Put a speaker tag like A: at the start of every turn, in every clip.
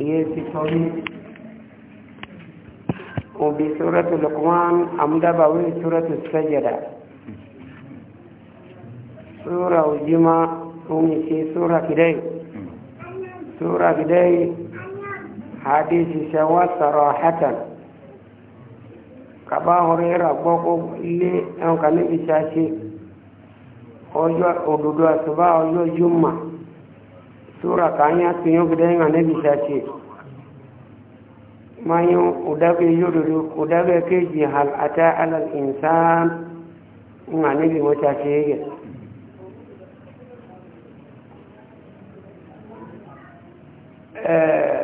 A: iye ti sọ ní òbí sórẹ́tù lukman amúdábàwí sórẹ́tù sẹ́jẹ̀dà sóra òjímá omi ṣe sóra kìdẹ́ sóra kìdẹ́ hadith ṣẹwà sọ̀rọ̀ hatan kaba horera gbọ́kọ́ ilé ẹnkà níbi ṣáṣe ọjọ́ òdòdó àtúbá ọjọ́ jùmọ̀ sura kanya tunyo gidai ma nabi sace mayu udage yodoro udage keji hal ata alal insan ma nabi mota ce yake eh,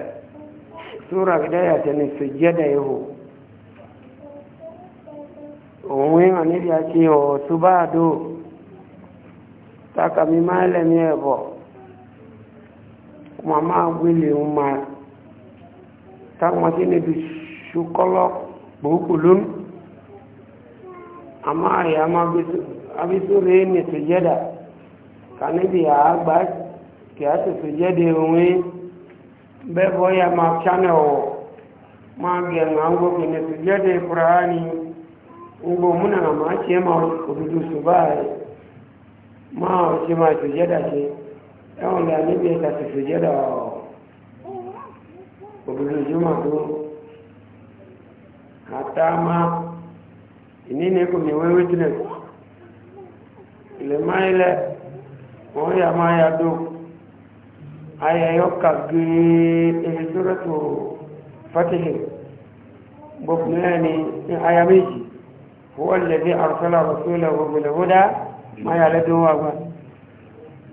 A: sura gidaya ya ne sujjada yahu òun ma nabi ya ce o oh, su ba do takami malami mama wele ma tagma kini bi sukolo bukulun ama ya ma bisu abisu re ni sujada kani bi agba ki a ti sujade onwe bebo ya ma chane o ma ge na ngo kini sujade qur'ani ngo muna ma che ma odudu subai e. ma o che ma sujada che táwọn ilẹ̀ àdébí ẹ̀ka tètè jẹ́dọ̀ òbòdò ìjọba tó àtàmà ìnínẹ́kùn ní wẹ́wẹ́ tìlẹ̀ ilẹ̀ máa ilẹ̀ wọ́n yà máa yà dó ayẹyọ kàgbé èyí tó rẹ̀tò fatihi gbogbo náà ni aya méjì wọ́n lè dé àrùsọ́lá rọ̀sọ́lá gbogbo lè wọ́dá máa yà lẹ́dọ̀ wà gbà.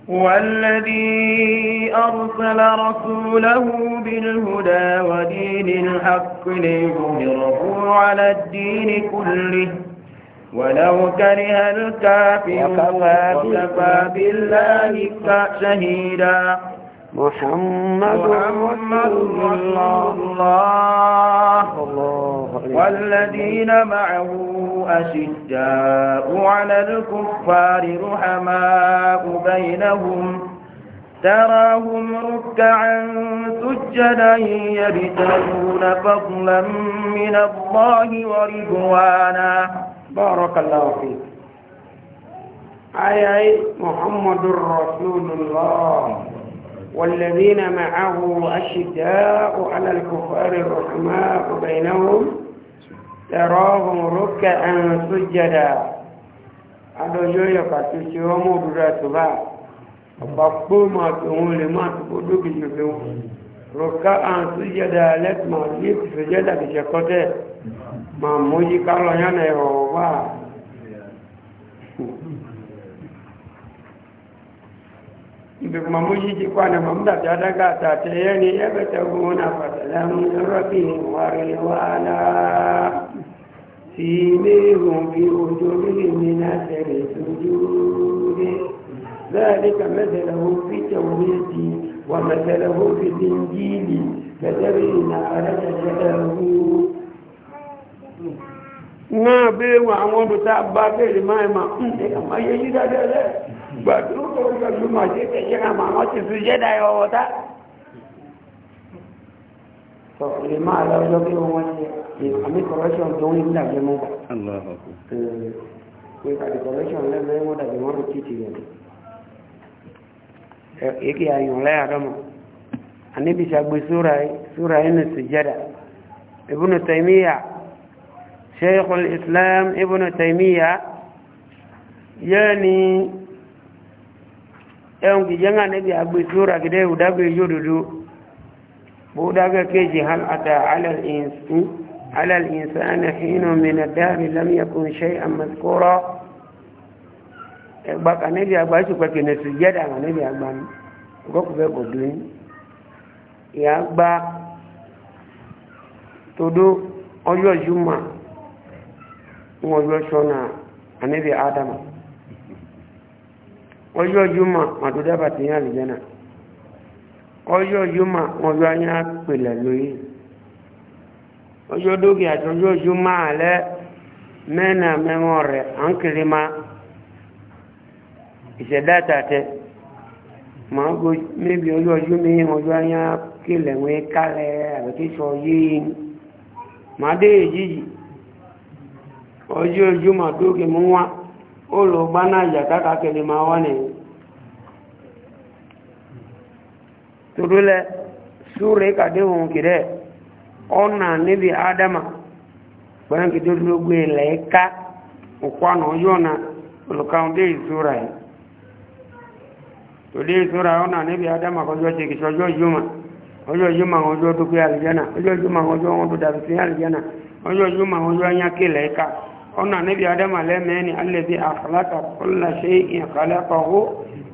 B: هو الذي أرسل رسوله بالهدى ودين الحق ليظهره على الدين كله ولو كره الكافر وكفى بالله شهيدا محمد, محمد رسول الله, الله والذين معه أشداء على الكفار رحماء بينهم تراهم ركعا سجدا يبتغون فضلا من الله ورضوانا بارك الله فيك أي محمد رسول
A: الله والذين معه أشداء على الكفار الرحماء بينهم tẹ̀rọ̀ọ̀hùn rókẹ̀ ẹ̀rùn tó jẹ́dà adọ́jọ́ yọ̀kà tó ṣe ọmọ òdúrà tó bá ọ̀pá pọ́ọ̀mù àtòun lè má tó kó ma ṣòfin rókà ẹ̀rùn tó jẹ́dà lẹ́tùmọ̀ ní ìfẹ́ jẹ́dà kìṣẹ́ kọ́tẹ́ ji ta ya سيميهم في وجوههم من أثر السجود ذلك مثله في التوراة ومثله في الإنجيل كتبين على شجره náà bẹ́ẹ̀ wọ àwọn ọdún tá a bá bẹ́ẹ̀rẹ̀ máa ma ń tẹ́ àmà yẹ yí dáadáa rẹ̀ gbàdúrà ọjọ́ ìgbìmọ̀ àti ẹ̀kẹ́ yẹ́ra màá wọ́n ti fi jẹ́dá ẹ̀ tọ lè máa lọ ọjọ́ bí wọ́n ṣe àmì correction tó ń gbà jẹ mọ́ pé àti correction lẹ́gbẹ̀ẹ́ wọ́n dàbí wọ́n rò títì rẹ̀ èkì àyàn lẹ́yà dọ́mọ̀ àníbi ṣàgbé súra inú sùjẹ́dà ibùnú taimiyya sheikhul islam ibùnú taimiyya yẹ́ ni ẹ̀hùn kìjẹ́ ń àníbi àgbé súra gidẹ́ ìhùdágbé yóò dúdú بوداغا كيجي هل أتى على الإنسان على الإنسان حين من الدهر لم يكن شيئا مذكورا بقى نبي أبا شو بقى نسجد على نبي أبا غوك بقى دون يا أبا تدو أجو جمع وأجو شونا نبي آدم أجو جمع ما تدابا تنيا لجنة ọjọ́ yúmà ọjọ́ anyá pèlẹ̀ lóyè ọjọ́ dókè àti ọjọ́ yúmà alẹ́ mẹ́nà mẹ́wọ́n rẹ̀ à ń kiri ma ìṣẹ̀dá tàtẹ́ màá go mébi ọjọ́ yúmà ọjọ́ anyá kélẹ̀ wọ́n kálẹ̀ màá dé ọjọ́ dókè mú ó lọ wá nìyẹn. toro lɛ sure kade hɔn kirɛ ɔna nebi adama gbɛn kete logbe lɛ ka ɔkwana ɔyɔna olukan de sura yi tode sura ɔna nebi adama kɔjɔ alijana alijana adama lɛ mɛni alɛbi akhlaka kɔla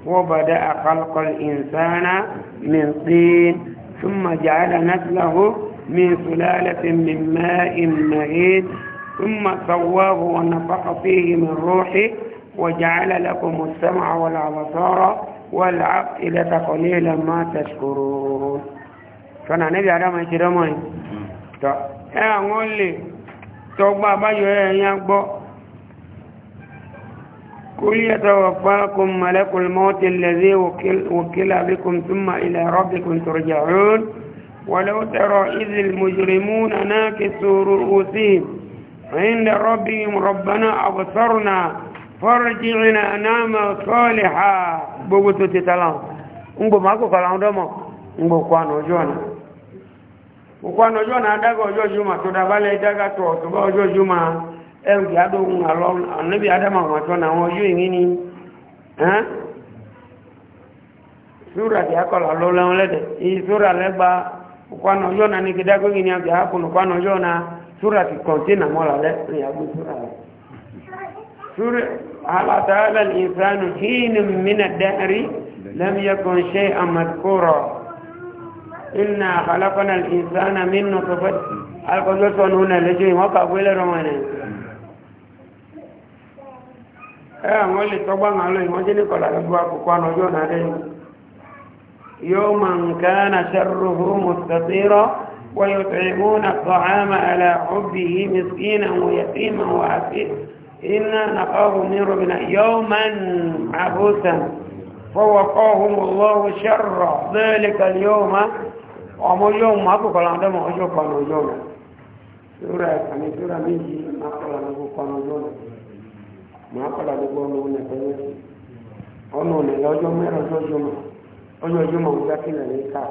A: وبدأ خلق الإنسان من طين ثم جعل نسله من سلالة من ماء مهين ثم سواه ونفخ فيه من روحه وجعل لكم السمع والأبصار والعقلة قليلا ما تشكرون فأنا نبي على ما يشير مين تأمل تقبع بيو ينبو قل يتوفاكم ملك الموت الذي وكل, وكل بكم ثم إلى ربكم ترجعون ولو ترى إذ المجرمون ناكسوا رؤوسهم عند ربهم ربنا أبصرنا فارجعنا نعمل صالحا بوتو تتلام نبو ماكو كلام دمو نبو كوانو جونا وكوانو جونا داغو جو جمعة تدبالي داغا تو جو جمعة ẹrù yà dó ń alọ́ níbi adama wọn tọ́ náà wọn yóò yìí ní sura ti akọlọ lọ lẹ́wọ́n lẹ́dẹ̀ yìí sura lẹ́gba kwano yọ na ní kídá gbé ní abẹ́ àkùnù kwano yọ na sura ti kọ̀ntínà mọ́lá lẹ́ ní agbó sura lẹ́ sura alátàálà ní ìsánù hínú mínà dẹ́rí lẹ́mìyàkùn ṣe àmàkúrọ̀ inna àkàlákọ́nà ìsánà mínú tó fẹ́ alkọ́jọ́sọ̀ nù nà lẹ́jọ́ ìwọ́n kàwé lẹ́rọ̀ wọn ẹ àwọn lè tọ́gbà máa lọ ìwọ́n jẹ́ ní kọ̀lá lọ́gbọ́ àkókò ànàjọ́ náà lẹ́yìn yóò máa ń ká na ṣarruhu mustapiro wọ́n yóò tẹ̀lé mú na sọ̀hámà àlà ọ̀bì yìí mìsíkínà wọ́n yẹ sí ma wọ́n àti iná na ọ̀hún ní màá padà gbogbo ọnụ òun ẹ̀fẹ́ lẹ́sìn ọ̀nà òun ọjọ ọjọ́ mẹ́rin ọjọ́ ọjọ ọjọ́ jọmọ ọjọ́ kílẹ̀ ní ká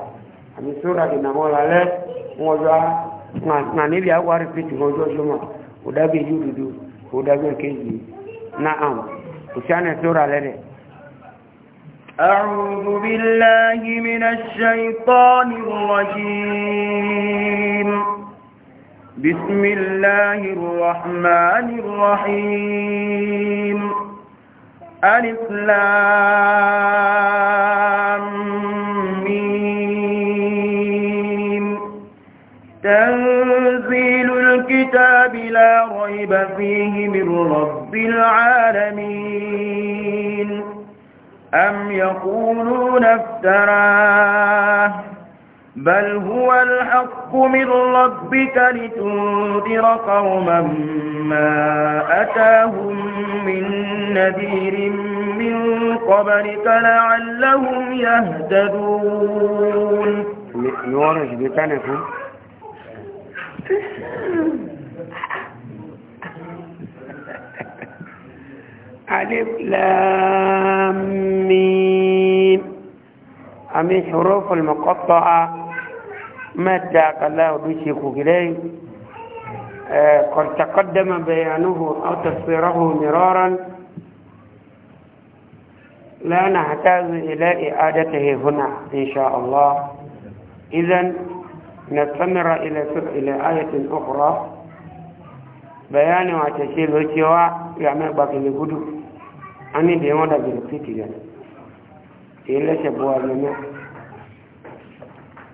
A: àmì sóra dì nà mọ́ lálẹ́ wọn ọjọ́ níbi ọjọ àná
B: أعوذ بالله من الشيطان الرجيم بسم الله الرحمن الرحيم ألف لام ميم تنزيل الكتاب لا ريب فيه من رب العالمين أم يقولون افتراه بل هو الحق من ربك لتنذر قوما ما أتاهم من نذير من قبلك لعلهم يهتدون
A: نورج بتنفه ألف لام ميم أم الحروف المقطعة مادة الله بشيخ إليه آه، قد تقدم بيانه أو تصويره مرارا لا نحتاج إلى إعادته هنا إن شاء الله إذا نستمر إلى إلى آية أخرى بيان وتشيل وشواء يعمل يعني باقي الهدوء أني ديمونا بالفتية إلا شبوها لنا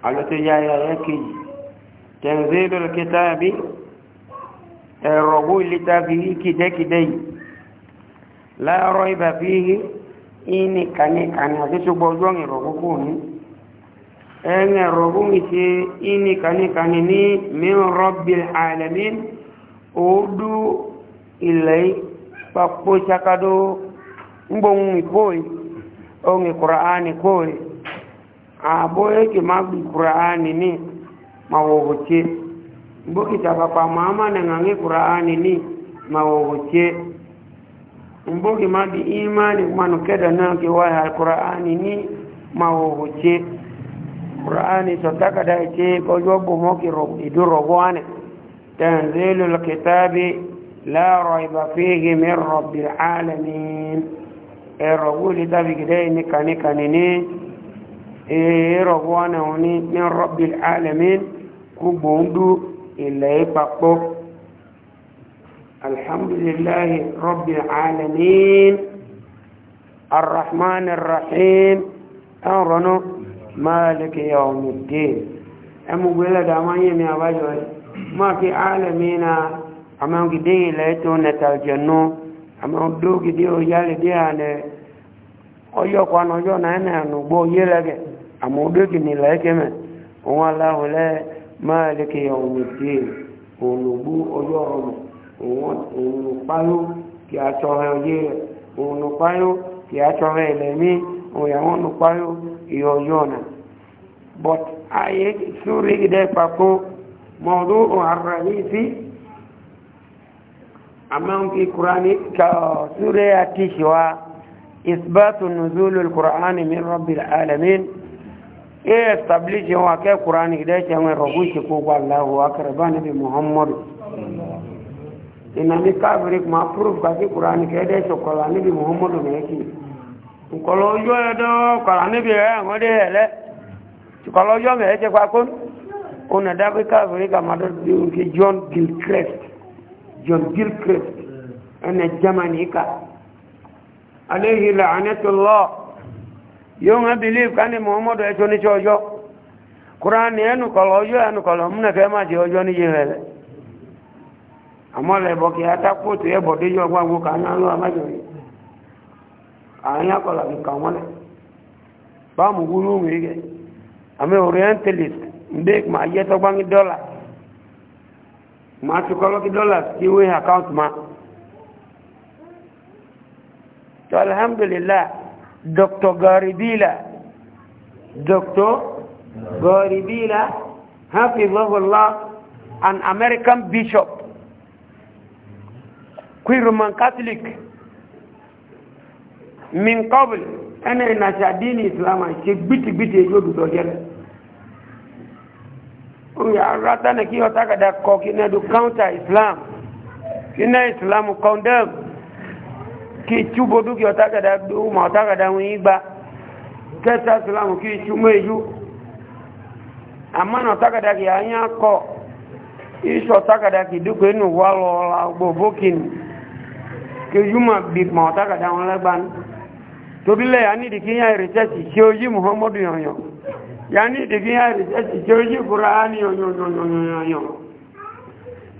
A: alọ́tọ́ yá ya yá kejì tẹ̀nzé lọ́rọ̀ kẹta àbí ẹ̀rọ bó ìlẹ́ta fi yí kìdẹ́kìdẹ́ yìí láàárọ̀ ibà fi yí ìní kàníkàní àti ṣùgbọ́n ọjọ́ ìrọ̀ kókó ní ẹ̀rìn ẹ̀rọ bó ń ṣe ìní kàníkàní ní mìírànbí abo yake mabi qur'ani ni mawogoche mboki taba kwa mama na ngange qur'ani ni mawogoche mboki mabi imani manukeda na kiwaya qur'ani ni mawogoche qur'ani sotaka daiche ko jobu moki rob iduro bwane tanzilul kitabi la raiba fihi min rabbil alamin ero guli tabi gidaini kanika nini ìrọ̀wọ́nà òní ní rọ́bì alẹ́mìn gbogbo ń dú ilẹ̀ ìpapọ̀ alhamdulillahi rọ́bì alẹ́mìn arrahman arrahim ẹn rọ́nà máàlìkì yawmìdì ẹmùgbélẹ̀ dàmáyé ni àbájọ́ máa fi alẹ́mìn na àmọ́gidé ilẹ̀ tó nẹ̀tàlìjẹ̀nú àmọ́dógidé ó yálẹ̀ dí ànẹ́ ọjọ́ kan ọjọ́ náà ẹ̀nà ẹ̀nà gbọ́ yẹ́lẹ́gẹ̀ẹ́ àmọ́gbégi ní lẹ́kẹ́mẹ̀ òun aláwọ̀lẹ́ máa lékè ọ̀hún ìdí òun ló gbú ọjọ́ ọ̀rọ̀ òun ló páyó kí a tọrẹ ọyẹ rẹ̀ òun ló kí a tọrẹ ìlẹ̀mí òun yàwó ló ọ̀nà but ayé sórí ìdẹ́ papọ̀ mọ̀ọ́dún òun àrà ní sí amman fi qur'ani ka sura ya tishiwa e establish wa ke qur'ani gida ce mai rogu shi ko wallahu akbar nabi muhammad mm. ina ni kafiri ma proof ka ki qur'ani ke de so kola nabi muhammad ne ki kolo
B: yo e do kola
A: nabi e ngo de hele kolo yo me je kwa kun una da bi kafiri ka ma do ki john gilchrist john gilchrist ana mm. jamanika alayhi la'natullah yóò ŋa believe ká ní muhammadu ẹjọ́ ní ọjọ́ kúránì ẹnu kọlọ ọjọ́ ẹnu kọlọ múnà fẹ́ má ti ọjọ́ níyẹ rẹ̀ lẹ̀ àmọ́ lẹ́bọ̀ kí ata kóòtù ẹ̀ bọ̀dé yọ gbàgbó ká ní alọ́ amájọ yìí àwọn yà kọlọ kì kà wọ́n lẹ̀ báàmù wúlú wìí kẹ́ àmì orientalist ndé màá yẹ tọ́gbọ́n ní dọ́là màá ti kọ́lọ́ kí dọ́là sí wé àkáǹtì ma. alhamdulilayi. Dr. Garibila Dr. Garibila hafizahullah an American bishop kwi Roman Catholic min qabl ana inasha dini islama ke biti biti yo du do gele o ya rata na ki otaka da ko ki na du counter islam ki na islam condemn kí túbò dúkìá ọ̀tàkàdá ọmọ ọ̀tàkàdá wọn yí gba kẹta sílámù kí túmọ̀ èyú àmọ́nà ọ̀tàkàdá kì á yán kọ́ iṣẹ́ ọ̀tàkàdá kì dúkìá inú wà lọ́la gbogbo kìnnì kí yúmọ̀ gbìmọ̀ ọ̀tàkàdá wọn lẹ́gbàá ní torí lẹ́yà nídìí kí yá ìrìsẹ́sì ṣe ojú muhammadu yọ̀nyọ̀ yà nídìí kí yá ìrìsẹ́sì ṣe ojú kùránì yọ̀nyọ̀nyọ̀nyọ̀nyọ̀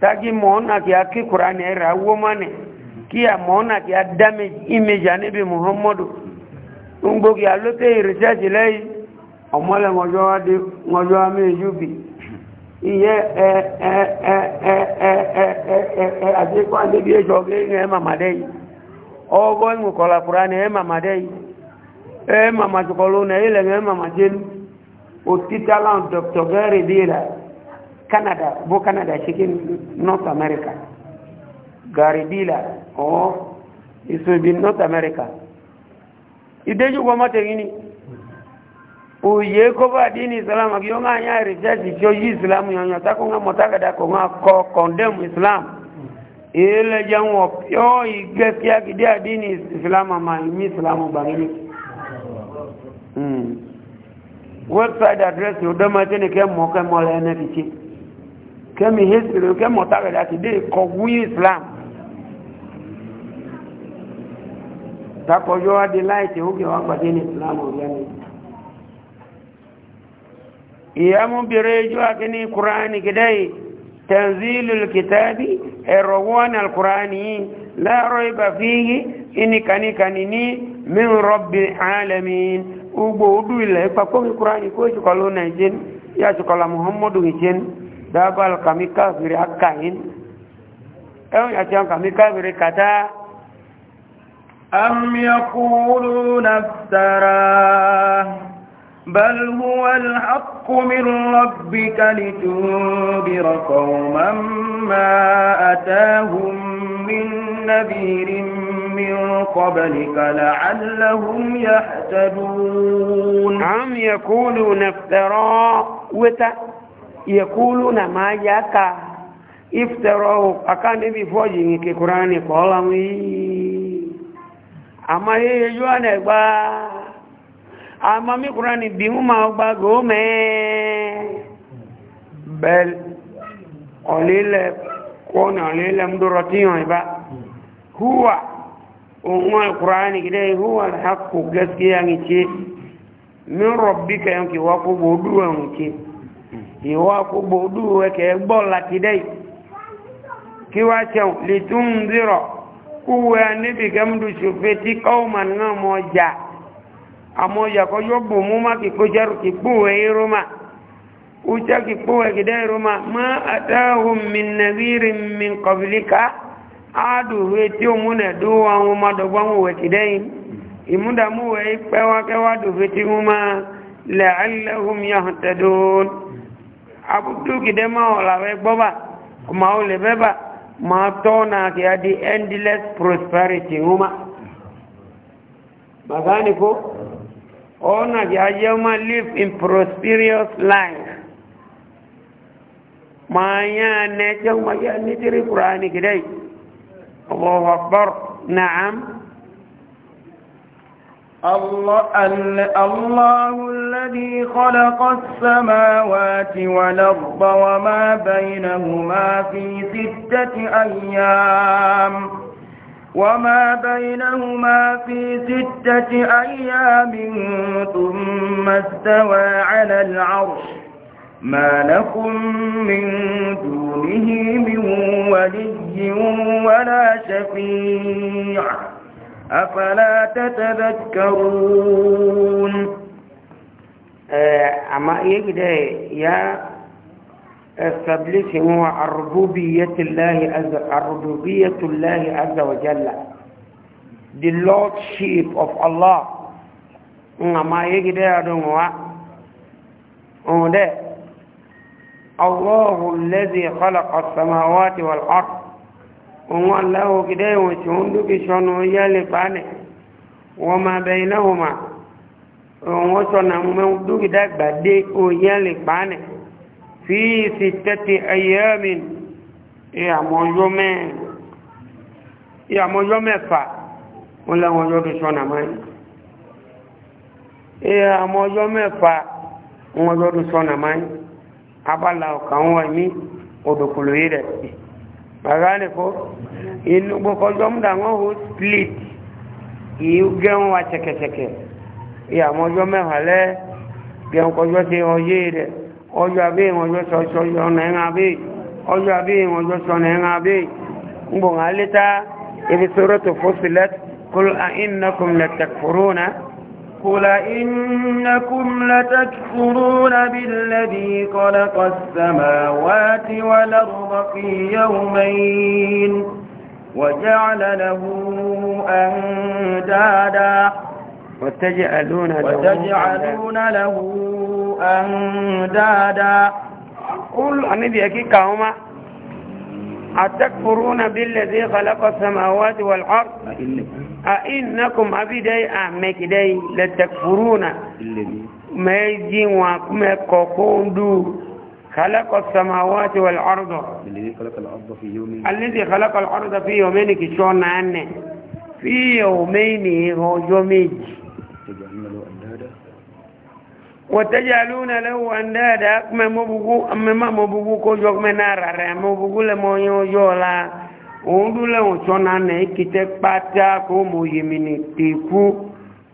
A: tagi mọ̀ kí a kí kùránì ẹ̀rà wọ́mọ́nì kí àmọ́nà kí damage image àníbi muhammadu ń gbógi àlóté ìrìsẹ́sì lẹ́yìn ọmọlẹ̀ ọjọ́ amíyèjú bì iye ẹ ẹ ẹ ẹ ẹ ẹ ẹ ẹ ẹ àti ikú àníbi èjọ gẹ́gẹ́ ẹ màmàdé yìí ọgọ́ ìmù kọlàkùrá ni ẹ màmàdé yìí ẹ màmà tukọlù ní ẹ ẹ màmàdé òtítàlán dr gary dira canada bó canada ṣe north america gary dira or it will be North America. Ideju kwa mate gini. Uye koba dini Islam akiyo nga nya research cho yi Islam nyonya tako nga motaka da ko nga condemn Islam. Ile jango yo igasia kidia dini Islam ama mi Islam bangini. Hmm. Website address yodama tene ke mo ke mo le ne Kemi history ke motaka da kidi ko Islam. takọjọ́ adé láìtẹ̀ ókè wọ́n gbàdé ní ìsìlámù ìyá ni ìyá mú bèèrè ẹjọ́ àti ní kùránì gidẹ́ tanzilul kitabi ẹ̀rọ wọn alkùránì yìí láàárọ̀ ibà fíyí ìní kaníkaní ní min rọ́bì alamin ugbo udu ilẹ̀ ìpapọ̀mí kùránì kó ìṣùkọlù nàìjíríà yà ṣùkọlù muhammadu hìjín dábàl kàmí káfìrí akáyín ẹ̀wọ̀n àti àwọn kàmí káfìrí kàdáà
B: أم يقولون افتراه بل هو الحق من ربك لتنبر قوما ما أتاهم من نذير من قبلك لعلهم يحتدون
A: أم يقولون افتراه وتا يقولون ما يكا افتراه فوجي بفوجه قراني قولا ama yeye yuane gba ama mi qurani bi uma gba gome bel olile kona olile mduratiyo iba huwa umma qurani kide huwa alhaqu gaskiya ngichi min rabbika yanki wa kubuduwa ngichi iwa kubuduwa ke gbola kide kiwa cheu litunzira kuwa nibi gamdu shufeti kauman nga moja amoja ko yobu muma kikujaru kikuwe iruma ucha kikuwe kidairuma ma atahum min nadhirin min qablika adu weti umune duwa nguma dogwa muwe kidain imunda muwe ipewa kewadu weti nguma la'allahum yahtadun abudu kidema olawe boba kuma olebeba matona ke hadi endless prosperity huma magani ko ona ke ayema live in prosperous life maya ne ke maya ni tiri qur'ani kidai Allahu akbar
B: na'am الله الذي خلق السماوات والأرض وما بينهما في ستة أيام وما بينهما في ستة أيام ثم استوى على العرش ما لكم من دونه من ولي ولا شفيع أفلا تتذكرون
A: اه، أما يجد يا establish هو الربوبية الله عز الربوبية الله عز وجل the lordship of Allah أما يجد يا أو ده الله الذي خلق السماوات والأرض òun aláwọ̀ kìdẹ́ ìwọ̀n tí ó ń dúkì sọ́nà yẹ́lẹ̀ fánẹ̀ wọ́n máa bẹ iná wọn mà òun sọ̀nà mẹ́wọ́n dúkì dàgbà dé ó yẹ́lẹ̀ fánẹ̀ fi ìsì tẹ́tì ayémi ìyàmọ́jọ́ mẹ́fà wọ́n láwọn ọjọ́ kì sọ́nà mẹ́rin ìyàmọ́jọ́ mẹ́fà wọ́n ọjọ́ kì sọ́nà mẹ́rin abala ọ̀kà wọn wà odòkòlò yìí rẹ̀ bagane ko inu gbokondom da split iu gen wa cheke cheke ya mo yo me hale gen ko yo se oye re ojo abi won so na nga bi ojo abi won yo so na nga bi ngbo suratu fusilat qul a innakum latakfuruna
B: قل إنكم لتكفرون بالذي خلق السماوات والأرض في يومين
A: وجعل
B: له أندادا
A: وتجعلون له, وتجعلون
B: له أندادا قل أنبيك
A: كاوما أتكفرون بالذي خلق السماوات والأرض أئنكم أعمك داي لتكفرون ميجين ومكوكون دو خلق السماوات والأرض الذي خلق الأرض في يومين الذي خلق الأرض في يومين كشون عنه في يومين هو يومين wọ́tẹ́jàlúnà lẹ́wọ̀ àndáàdá mẹ́má mọ́bùgbú kó jọ mẹ́ná rárẹ̀ mọ́bùgbú lẹ́mọ́yán ọjọ́ ọ̀la òun dúlẹ̀ òṣọ́nà nà ìkìtẹ́ pátá kó mọ̀ yèmìnì tèkú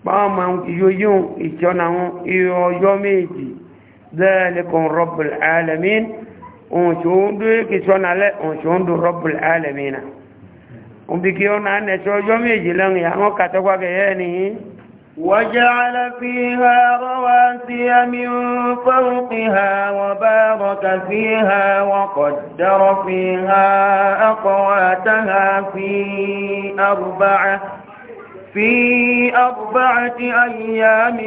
A: pàmà yóyún ìṣọ́nà ọjọ́ méjì lẹ́ẹ̀lẹ́kùn rọ́bùl alẹ́mìn òṣòǹdó ìkìṣọ́nà lẹ́ òṣòǹdó rọ́bùl alẹ́mìn
B: وجعل فيها رواسي من فوقها وبارك فيها وقدر فيها أقواتها في أربعة في أربعة أيام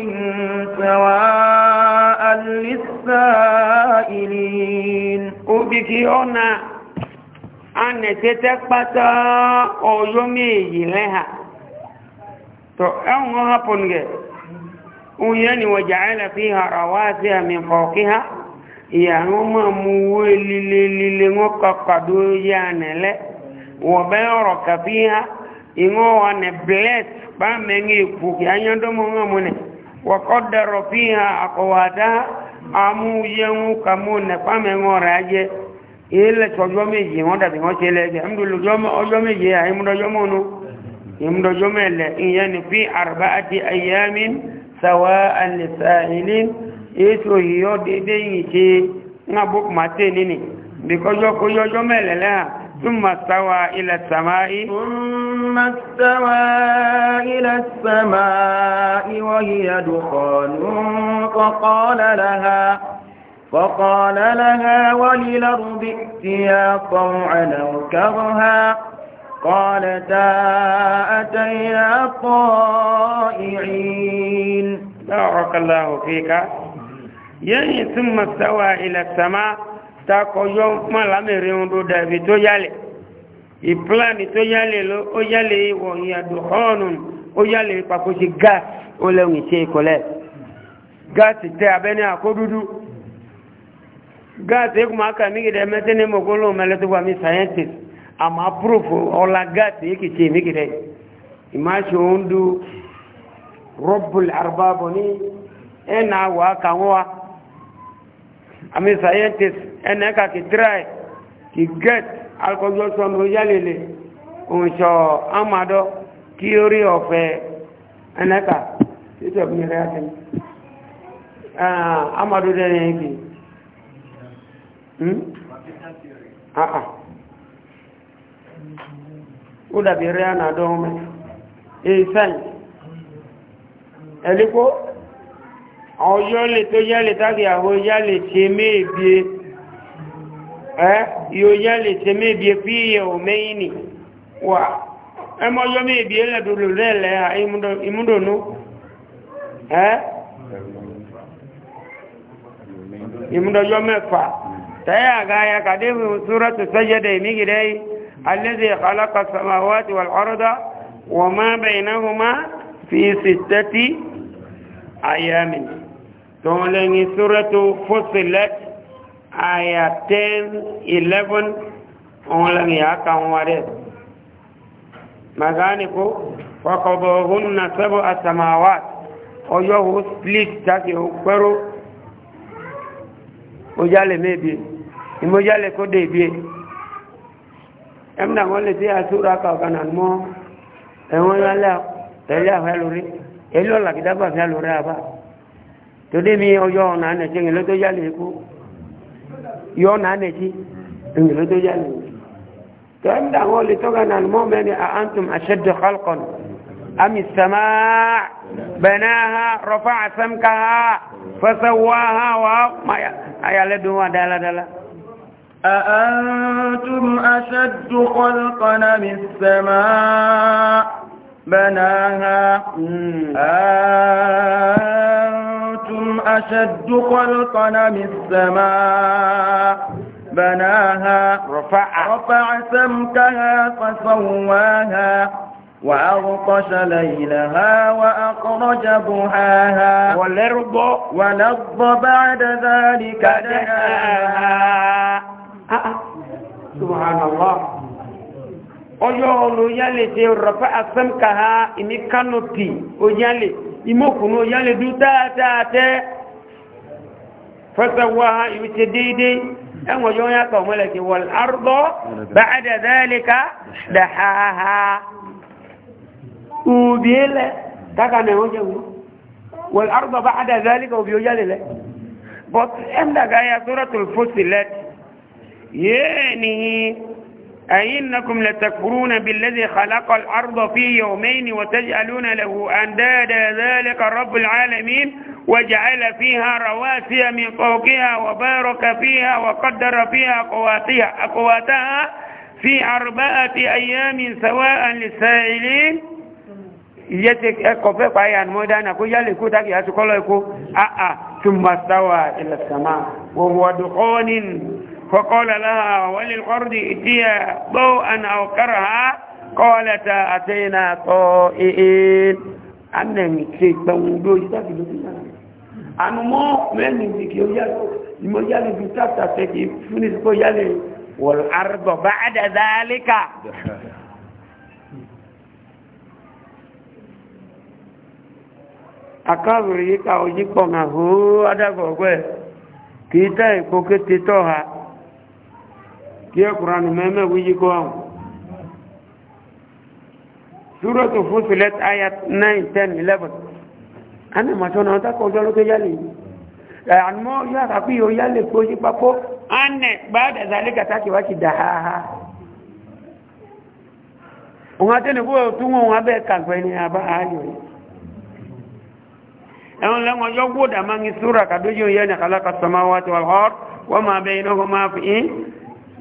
B: سواء للسائلين
A: أبكيونا أن تتكبت أيومي لها to an hapun ge unyani wa ja'ala fiha rawasiya min fawqiha ya ngoma muweli lile ngoka kadu ya nele wa baraka fiha ingo wa ne bless ba mengi ku yanya do mo ngamune wa qaddara fiha aqwada amu yenu kamune pa mengora je ile tojo meji won da bi won chele je amdu lo jomo ojo meji ayi mu do jomo no يمدو جمل يعني في أربعة أيام سواء للسائلين إيتو هيو دي دي يشي نبوك ماتينيني بكوجو كوجو جمل لا ثم استوى إلى السماء ثم
B: استوى إلى السماء وهي دخان فقال لها فقال لها وللأرض ائتيا طوعا أو كرها قالتا أتينا طائعين بارك الله
A: فيك يعني ثم استوى إلى السماء tako yo malamere ondo dabi to yale iplani to yale lo o yale wo ya duhonun o yale pa ko si gas o le wi se ko le gas te abeni akodudu gas e kuma ka ni de metene mo ko lo mele to wa mi scientist ama proofu ọla gaasi yake ce miki dai imashi hundu rabbul arbabu ni ena wa kanwa ami scientist eneka ki ki get alkojo so no yalele theory of eneka ka ito mi re ah ó dàbí rẹ́ ànàdọ́ ọmọ ìsẹ́yìn ẹ̀lípò ọjọ́ lè tó yẹ́lẹ̀ tàbí àwọn yẹ́lẹ̀ tí méèbí e, ẹ́ yóò yẹ́lẹ̀ tí méèbí e pí ìyẹ̀ òmẹ́yìnì wà ẹmọ́jọ́ méèbí ẹlẹ́dùlù e rẹ̀lẹ́ ìmúdònú ẹ́ ìmúdòjọ́ mẹ́fà tẹ́yà gáyà kàdé الذي خلق السماوات والأرض وما بينهما في ستة أيام تولني سورة فصلت آيات 10 11 أولني أكا وارد مغانيكو فقضوهن سبع سماوات أيوه سبليت تاكي أكبرو مجالي ميبي مجالي كودي بيه ẹ̀mdà wọn lè tí a tó ra kàọ̀kan nà mọ́ ẹ̀wọ̀n lálẹ́ àfẹ́ lórí èlò ọ̀làkìdábà fẹ́ lórí àbá tó dé mi ọjọ́ ọ̀nà ànẹ̀tí ìlú tó yálè ikú yọ ọ̀nà ànẹ̀tí ìlú tó yálè tó ẹ̀mdà wọn lè tọ́ka nà mọ́ mẹ́ni àhántùm àṣẹ́dọ̀ kọ́lkọ́n àmì sàmà bẹ̀nà ha rọ̀fà àsẹ́mkà ha fẹsẹ̀
B: wá ha wà áyàlẹ́dùn wa dáadáa أأنتم أشد خلقا من السماء بناها أأنتم أشد خلقا من السماء بناها رفع, رفع سمكها فسواها وأغطش ليلها وأخرج ضحاها ولرب ولض بعد ذلك دهاها Ah, ah. subhanallah
A: ọjọ́ ọ̀nà yálẹ̀ tí rọ̀fẹ́ àfẹ́mkà ha ìní kánòpì ó yálẹ̀ ìmọ̀kùnrin ó yálẹ̀ dú dáadáa fẹ́sẹ̀wọ́ ha ìwé ṣe déédé ẹ̀wọ̀n yóò yàtọ̀ mọ́lẹ̀kì wọ́n arúgbọ́ bàádẹ̀ dáẹ́lẹ́ka dàháhá òbí lẹ́ dáka nà ẹ̀wọ̀n jẹun wọ́n arúgbọ́ bàádẹ̀ dáẹ́lẹ́ka òbí ó yálẹ̀ lẹ́ but ẹ̀ndàgá ya sóràtò fòsìlẹ́tì يعني أئنكم لتكفرون بالذي خلق الأرض في يومين وتجعلون له أندادا ذلك رب العالمين وجعل فيها رواسي من فوقها وبارك فيها وقدر فيها قواتها, قواتها في أربعة أيام سواء للسائلين يتك أكفف أيان مودانا كو يالكو تاكي أسكوليكو أأ ثم استوى إلى السماء وهو دخون فقال لها وللقرد اتيا ضوءا أو كرها قالتا أتينا طائئين أنا مكسيك بموضوع يتاكي لكنا أنا مو من مكسيك يو يالي بتاتا تكي فنسكو يالي والأرض بعد ذلك akáàrùn yíká ojípọ̀ ngà hó adágbọ̀gbẹ́ kìí tá ìkókété tọ́ ha kí ẹkùnránù mẹ́mẹ́ wíyí kọ́ ọ̀hún ṣúrọ̀ tó fún sílẹ̀t àyà 9 10 11 a ní màá sọ́nà ọ̀tàkọ̀ ọjọ́ lókè yálè àmọ́ yóò àkàkú yóò yálè kó sí pápó a nẹ̀ gbáàdà zàlẹ́ kàtàkì wá sí dàháhá òun àti ẹnìkú tún wọn wọn abẹ́ kàgbẹ́ ní abá ayò ẹ̀wọ̀n lẹ́wọ̀n yọ gbọ́dà máa ń ṣúra kàdójú yẹn ní kàlákà sọmáwá tí wọ́n máa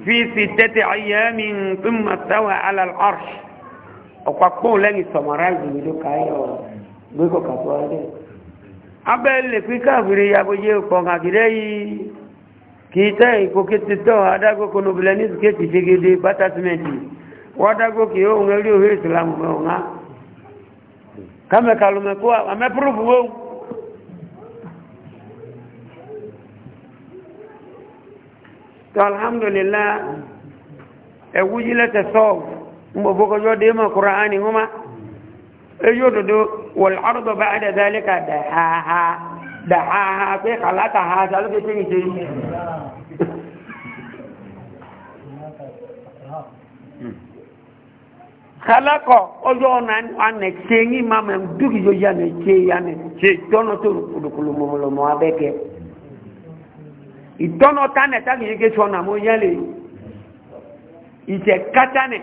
A: في ستة أيام ثم استوى على العرش ọ̀pàpọ̀ lẹ́yìn sọmọráìzì ìlú káyọ̀ gbégbò kàtọ́ ẹ̀dẹ́ abẹ́lẹ̀ fi káàkiri yagbóyé ọkàn àgìrẹ́ yìí kìí tẹ́ ìkókè ti tọ́ adágó konobilẹ̀ ní sùkẹ́tì ṣégede pátátímẹ́ntì wọ́dágó kìí ohun ẹrí òhèrè ìsìlámù mẹ́wọ̀n á kámẹ́kàlùmẹ́kọ́ wọn to alhamdulillah ewujile te so mbo boko yode ma qur'ani ngoma e yodo do wal ardu ba'da zalika dahaha dahaha be khalata ha dal ke tingi tingi kalakɔ ɔyɔ ɔna anɛ tse ŋi ma mɛ dugi yɔ ya nɛ tse ya nɛ tse tɔnɔ to dukulu mɔmɔlɔmɔ abɛ kɛ ìtọ́nà tánẹ̀ tágìyíké sọ́nà mọ́ yẹ́lẹ̀ ìtẹ̀kátánẹ̀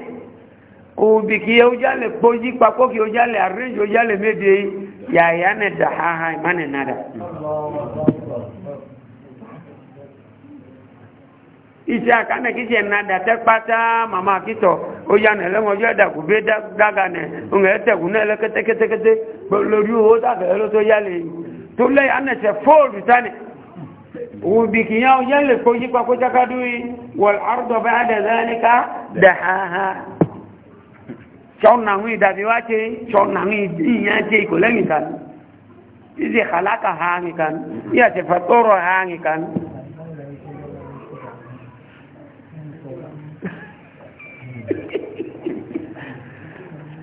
A: òbí kí yẹ́ ojálẹ̀ pójí papọ̀ kí ojálẹ̀ àríjì ojálẹ̀ méje yàyà nẹ̀ dàháhá ìmánẹ̀ náà iṣẹ́ àkánẹ̀ kí ṣe náà dàtẹ́ pátá màmá àkítọ̀ ó yánẹ̀ lẹ́wọ̀n ọjọ́ ẹ̀dàkù bí dáganẹ̀ òun ẹ̀ẹ́tẹ̀kù náà lẹ́kẹ́tẹ́kẹ́tẹ́ lórí owó dàbẹ̀ẹ́ ló yálẹ̀ tó lẹ́yà nẹ̀ṣẹ̀ fóòlù tánẹ̀ وبكياو يلك ويبقى كتكدوي والأرض بعد ذلك دحاها شون نعوي دابيواتي شون نعوي دينياتي كلني كان إذا خلاك هاني كان يتفطر هاني كان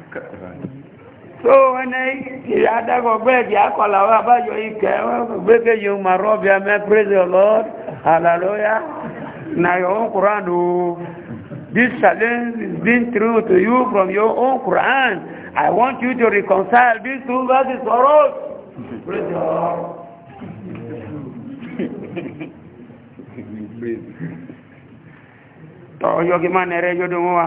C: Thank
A: you. so ẹnẹ ìyá adágọ gbẹdì akọlà wa abájọ ikẹ gbẹgbẹ yi umaru rọbì amẹ praise the lord hallelujah na your own quran o oh, this challenge is being true to you from your own quran i want you to reconcile these two verses for us
C: praise the lord.
A: tọ́ ọjọ́ máa nẹ̀rẹ́ ẹjọ́ dùn wá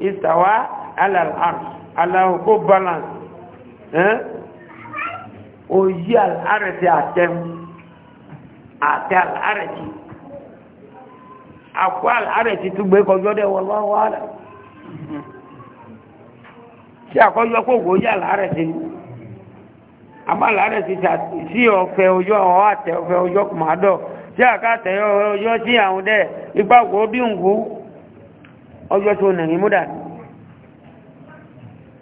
A: istawa ala al ko balance hein o yi al-arsh atem ate al-arsh akwa al-arsh tu gbe kojo de wallahu ala ti akojo ko go yi al-arsh ni si ofe ojo o ate ofe ojo kumado ti aka si de ko bi ngu ọjọ́ tó nẹ̀yìn múdà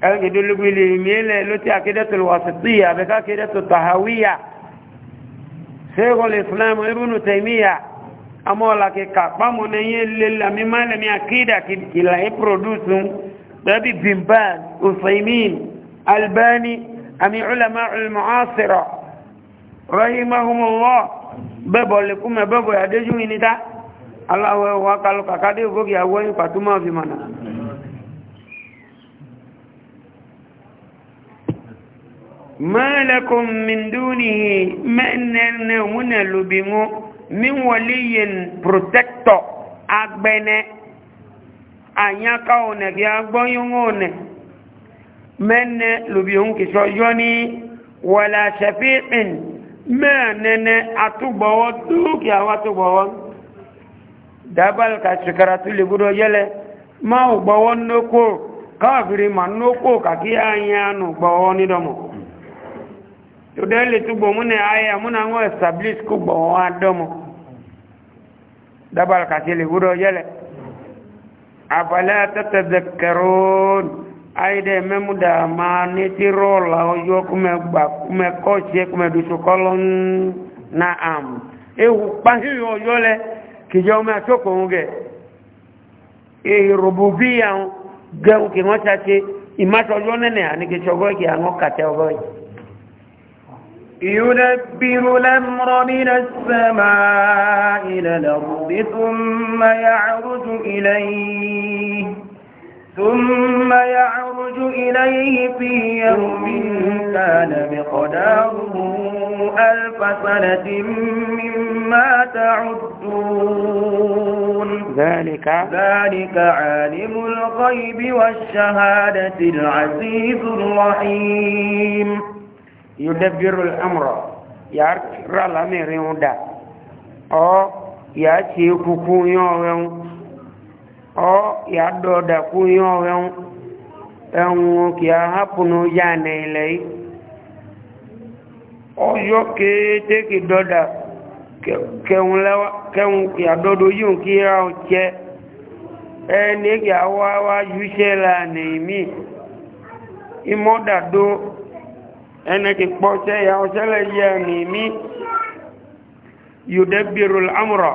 A: ẹ̀rọ ìdólógún ilé ìmìílẹ̀ ló ti akédẹ́tò wàsìtìyà àbẹ́ká akédẹ́tò tàhàwíyà sẹ́gọ̀lẹ̀ islam irúnù tẹ̀míyà amọ́ọ̀làkẹ́ kàpámọ́ nẹ̀yìn lẹ́lẹ́mí málẹ̀mí akédà kìlà ẹ̀ pọ̀dúsùn bẹ́bí bimban usaimin albani àmì ulama ulmuasira rahimahumullah bẹ́bọ̀ lẹ́kùnmẹ́ bẹ́bọ̀ yàdéjú ìnita aláwọ̀ ẹwà kalọ kàkádé ògógì àwọ̀ yìí pàtúmọ̀ fi mọ̀nà mẹ́lẹ́kùn mìndúnì mẹ́nẹ́nẹ́ múnẹ̀ lóbìnú míwọlé yẹn protector agbẹ́nẹ́ àyàká ònẹ̀ kí agbọ́yún ònẹ̀ mẹ́nẹ́ lóbìnú kìsọ́ yọ́ ní wọ̀lá ṣẹ̀fíìn mẹ́ẹ̀nẹ́nẹ́ àtúgbọ̀wọ́ dúkìá wá dabal ka sikaratu liburo yele ma o gbawo nnoko káàfìrí ma ka kàkí anyi anu gbawo nidomo to de le tugbo mune aya muna ngo establish ku gbawo adomo dabal ka si liburo yele afala tatazakkarun aide memu ma ni ti rola oyo kume gba kume ko se kume dusu kolon na am ewu pa hi oyo le kìjọ ọmọ àtọkọ òun gẹ èròbù bí àwọn gẹun kì wọn ṣàṣe ìmátọjọ nẹnẹ àníkìṣọ gọọkì àwọn kàtẹ ọgọ yìí. يدبر
B: الأمر من السماء إلى الأرض ثم يعرج إليه ثم يعرج إليه في يوم كان مقداره ألف سنة مما تعدون ذلك ذلك عالم الغيب والشهادة العزيز الرحيم يدبر الأمر
A: يرى الأمر يودا أو يأتي كوكو يوم ọ ya dọda kwu ihe ọnwụ ka ya hapụ n'ụjọ a na-ele ọjọ kete ka dọda kenwu ya dọda oyi nke ihe ahụ che ẹni ẹ ga wá wájú ṣẹlá nìmí ìmọ́dàdó ẹni kì pọ́ ṣẹ́yà ọṣẹ́lẹ̀ yẹ nìmí yóò dẹ́bìrò lámùrọ̀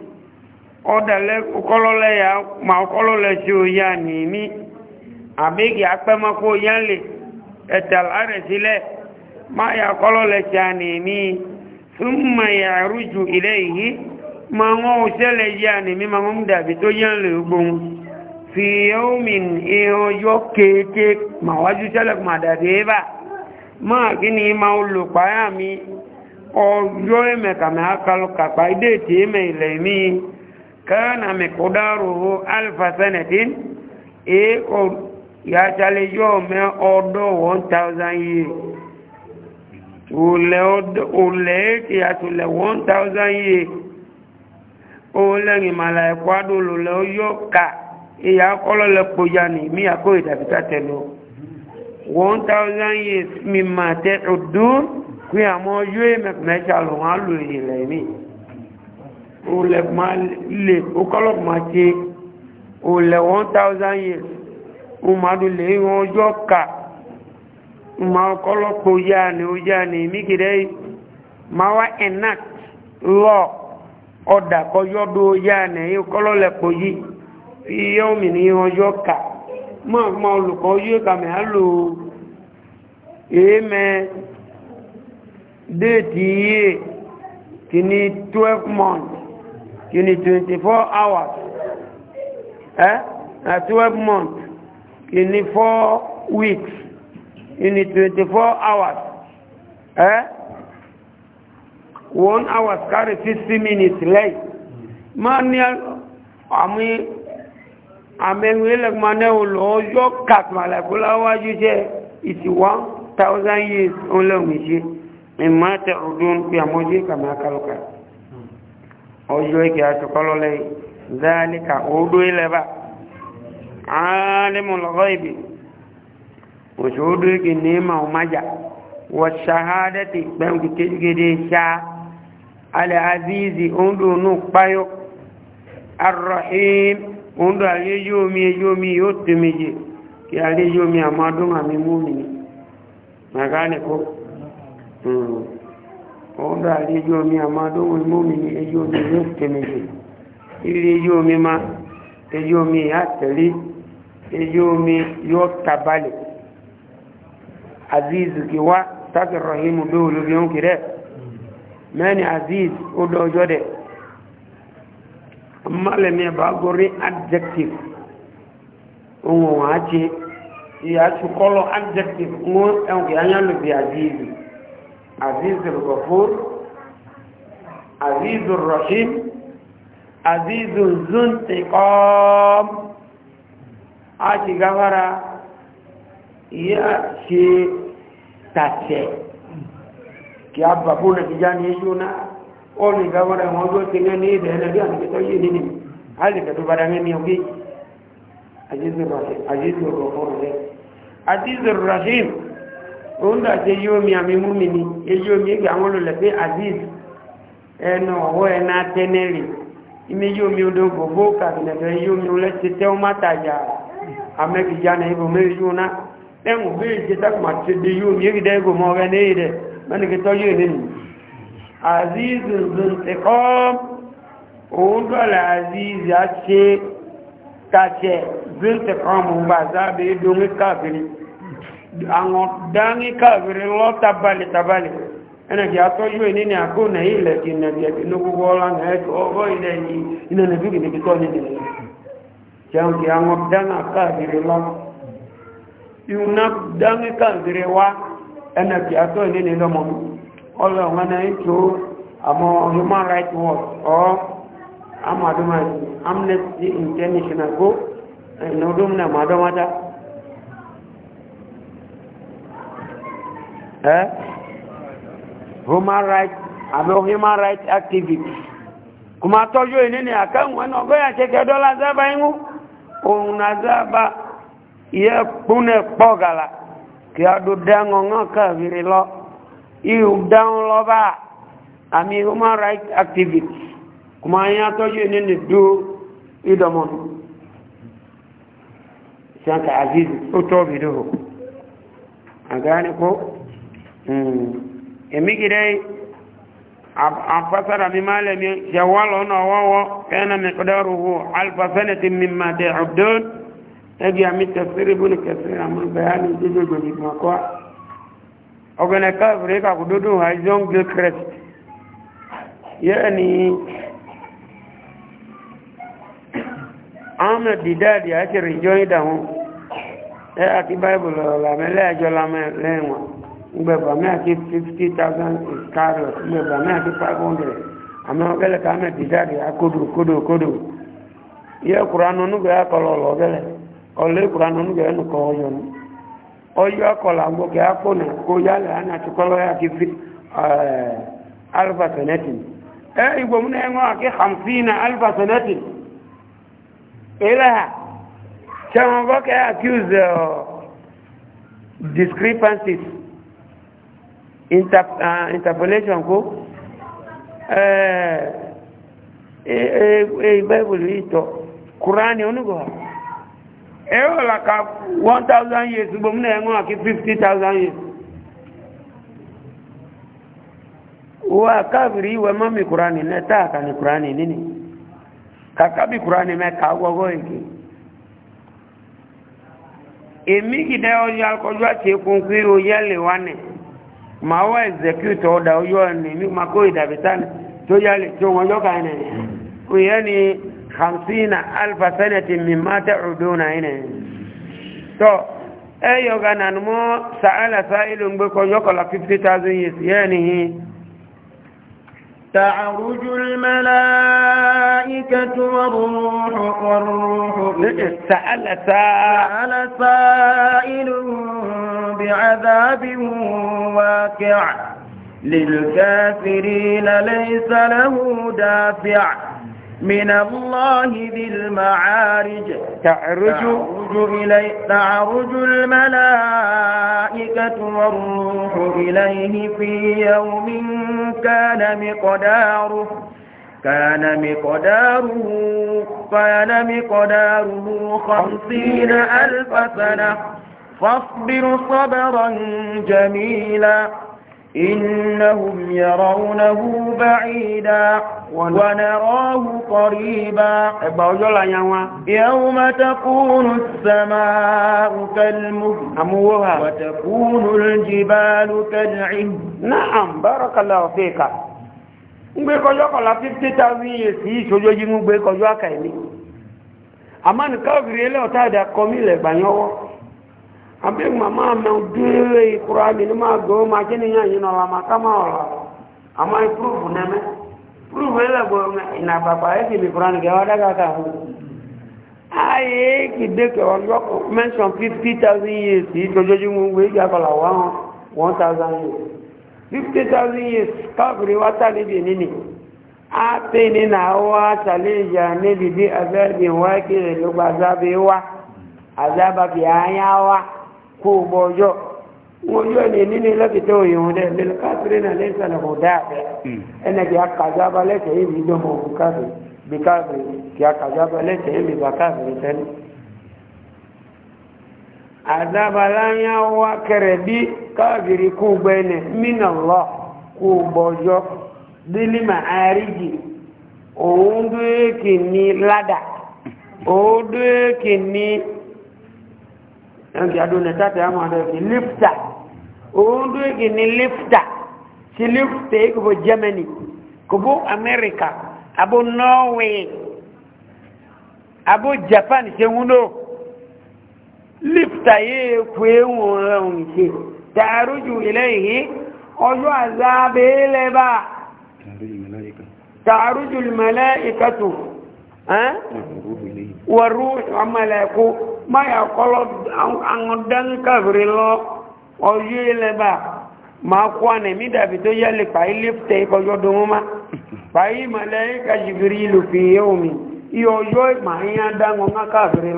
A: ọdẹlẹ ọkọlọlẹ ya ma ọkọlọlẹ tí ó yá ní ní àbíkì apẹ́mọ́kó yá lè ẹ̀tẹ̀lá rẹ̀ sílẹ̀ má yà ọkọlọlẹ tí a ní ní súnmọ̀ ya rújù yìí ma wọ́n ò sẹ́lẹ̀ yá ní ma wọ́n dàbí tó yá lè fi omin kéèké ma wájú sẹ́lẹ̀ ma dàbí ébà Ma kí ni ma mi ọjọ́ ẹ̀mẹ̀kàmẹ́ ẹ̀mẹ̀ ilẹ̀ kana mikudaruhu alfa sanatin e o ya chale yo me odo 1000 years ule odo ule ti atule 1000 years ole ni mala ekwado lule oyo ka iya e kolo le poya ni mi ako idabita telo 1000 years mi ma te udur ku amoyo me me chalo alu ile mi le olè kuma lè okọlọ kuma tse le one thousand years umadu lè wọn ọjọ ka ma ọkọlọ kpo ya ni o ya ni miki dẹ ma wa enact law ọdà kọjọ do ya ni ọkọlọ lè kpo yi iye omi ni ọjọ ka mọ àwọn olùkọ yóò kàmì àlò èémẹ déètì yìí kìíní twelve months you need 24 hours eh na uh, 12 months you need 4 weeks you need 24 hours eh one hour carry 50 minutes late man ni ami amẹ́wẹ́lẹ̀ manẹ́ olọ́ ọjọ́ kàtàlẹ̀kúláwájú jẹ́ one thousand years olóòmìṣẹ́ ìmọ̀ tẹ̀ ọdún pé àmọ́jú kàmàkàlùkàlù ọjọ́ ìkẹ́ àtùkọ́lọ́ lẹ́yìn dáníkà odó ilẹ̀bà àálẹ́mù lọ́gọ́ ìbí òṣò odó ìkẹ́ ní ma ọ májà wọ́n ṣàhádẹ́tì pẹ̀lú kéjúkéde ṣá alẹ́ azizi oúnjẹ onú páyọ́ arọ́hìm oúnjẹ àlejò omi ejò omi yóò tẹ̀mẹ̀jẹ kí àlejò omi àmọ́ adúmọ̀ mi mú mi màgánìkó. Hmm òun dá àríjú omi àmàdóhun imómi ní ejú omi ní ìtẹ̀mẹ̀jì ìrí ejú omi má ejú omi àtẹ̀lé ejú omi yóò tàbálẹ̀ aziz kìwá tàbí rahimu bí olóbi ń kìrẹ́ mẹ́ni aziz ó dọ́jọ́ dẹ̀ mọ́lẹ̀mí ẹ̀bá gorí adjective ohun ọ̀hún àti ìyàtúkọ́lọ̀ adjective ń ẹ̀wọ̀n kìí عزيز الغفور عزيز الرحيم عزيز ذو انتقام àti gáfárá yíà ṣe tàṣẹ kí a bà fún nàìjíríà ní ṣú náà ó lè gáfárá wọn tó ti gẹ́ ní ilẹ̀ ẹ̀lẹ́bí àtìkẹ́tọ́ yìí nínú alìkẹ́ tó bára ní ọgbé àjíṣẹ́ rọ̀fún rẹ̀ àjíṣẹ́ rọ̀fún rẹ̀ òun dàjẹ́ yóò mi àmì mú mi ni èyí omi ìgbà àwọn olùlẹ̀ aziz ẹnu ọ̀wọ́ ẹ̀nà tẹ́nẹ̀rì ime yóò mi odò gbogbo kàbìnẹ̀tẹ̀ yóò mi olẹ́ ti tẹ́ ọmọ àtàjà amẹ́kìjá náà ibò mẹ́rin yóò èyí tẹ́kùmà ti di yóò ní èdè yóò ní aziz zùntìkọ́ òun aziz àṣe kàṣẹ zùntìkọ́ mọ̀ gbà sábẹ́ àwọn dání káàkiri lọ tabali tabali ẹnàkì atọ́jú ẹni ni àkó nà ilẹ̀ kì nàbí ẹ̀kì ní gbogbo ọlá nà ọgọ́ ilẹ̀ yìí iná nàbí kì níbi tọ́ nínú lọ ìwúná dání káàkiri wá ẹnàkì atọ́ ẹni ní lọ́mọ ọlọ́run ẹni tó àmọ́ eh human rights àbí human rights activist kùmà tọ́jú ìní ni àkẹ́wọ̀n náà gbé àṣẹkẹ́ dọ́là zába inú òun náà zába iye pune pọ̀ gàlà kí a dó dáhùn náà lọ ihò dáhùn human rights activist kuma yẹn tọ́jú ìní ni dó ìdọ̀mọ́ sanka aziz ó tọ́ èmi kìdẹ́ àfásàrà mi máa lẹ́mi ṣẹ̀wọ́lọ́ ọ̀nà ọwọ́wọ́ ẹ̀nà mẹ́kọ̀dọ́rùwò alfasẹ́nẹ̀tì mímọ̀ tẹ̀ ọ̀dọ́n ẹgbẹ́ àmì tẹ̀sírí bú ní kẹsìrì àmúlù bẹ̀yàní jíjẹ́ gbèmí mọ̀kọ́ ọ̀gbẹ̀nà káàkiri kàkùdódó àìsàn gilchrist yẹ́ni àmì dìdáàdì àti rìjọ́ ìdáhùn ẹ àti báìbùlù ọ̀làmẹ́lẹ́ àjọ lẹ́wọ̀n gbẹ̀bà mẹ́ àti fifty thousand carrot gbẹ̀bà mẹ́ àti five hundred àmọ́ ọ̀gẹ́lẹ̀ ká mẹ́ dídáàdì akódò kódò kódò yẹ kuranu nùgbẹ́ akọlọ̀ ọ̀lọ́gẹ́lẹ̀ ọ̀lẹ́ kuranu ya kọrọ ọ̀yọ́ nù ọ̀yọ́ akọlọ̀ àgbọ̀kẹ́ akọ̀nà kó yálẹ̀ ànàtúkọ́lọ́ yà kí fi alfa sanatin ẹ uh, discrepancies. Inter, uh, interpolation kó ìbẹ́bùlù ìtọ̀ kùránì onígbọ̀wà ẹ̀rọ làkà 1000 years gbòmìnà ẹ̀wọ̀n àkí 50000 years wà káàbìrì ìwẹ̀ mọ́mí kùránì nẹ́ta àkàní kùránì nínú kàkàbí kùránì mẹ́ka gbọ́gbọ́ ìgbì èmi kìdẹ́ ọjọ́ akọjọ́ àti ẹkùn kí o yẹ́lẹ̀ wánẹ̀ ma wá execute ọ̀dà ojú ọ̀nì ní mako ìdàbítà tó yálè tí wọ́n yọ́ ká ẹ̀nẹ̀ ìyẹ́ ni mm. hamsina alfa senate mi mata ọdún ẹ̀nẹ̀ tó ẹ̀yọ̀ ga nà mọ́ sàálà sáà ìlú ń gbé kọ yọ́kọ̀lá 50,000
B: years yẹ́ ni تعرج الملائكة والروح والروح سأل سأل سائل بعذاب واقع للكافرين ليس له دافع من الله ذي المعارج تعرج تعرج, إلي تعرج الملائكة والروح إليه في يوم كان مقداره كان مقداره كان مقداره خمسين ألف سنة فاصبر صبرا جميلا إنهم يرونه بعيدا ونراه قريبا يوم تكون السماء كالمهر وتكون الجبال كالعهن
A: نعم بارك الله فيك ngbe kojo kola 50000 years yi sojo ji ngbe kojo akaimi amani ka ogire le ota da komi le gbanyowo abe mama mɛ dule kura mi ni ma go ma kí ni yàn yín nɔla ma kama ɔlɔ ama yi proof nɛmɛ proof yɛ lɛ gbɔ mɛ ina gbagba yɛ ti mi kura ni kɛ ɔda ka ka ho ayi ki de kɛ ɔyɔ mention fifty years yi jɔjɔju mu wo idza kɔla wa hɔn one thousand years fifty thousand years káfíìrì wa ta ni bi nini ate ni na wa challenge ya ne bi bi azɛbi wa kiri lugba azabi wa azaba bi anya wa kó o bọ ọjọ́ wọn yọ ni nínú lẹ́kìtẹ́ òyìnbó dẹ lẹ́nu káfíńrì náà lẹ́yìn sàlẹ̀ kò dáa bẹ́ hmm. ẹnna kì í akajà bá lẹ́sẹ̀ yìí mi dọ́mọ̀ òkú káfíńrì bí káfíńrì kì í akajà bá lẹ́sẹ̀ yìí mi bá káfíńrì sẹ́ni. àdábaláyà wa kẹrẹ bí káfíńrì kú gbẹ́nẹ̀ mínà lọ kó o bọ ọjọ́ délé òun dúró kì ládà hmm. òun dúró kì yanki adone tata ama adoki lifta oundu iki ni lifta si lifta ikubo germany kubo america abo norway abo japan se ngundo lifta ye kwe won se taruju ilayhi ojo azabe leba taruju almalaikatu ha wọ̀rú ọmọlẹ̀kú máyà kọ́lọ́ àwọn dánkàfìrí lọ ọjọ́ ilẹ̀bà máa kó ànà mí dàbí tó yẹ́ lè pàí lẹ́fẹ́ ìkọjọ́ dùnmú pàí ìkàjìfìrí ìlú fi yé omi ìyọjọ́ ìmàáyá dángọ káàkiri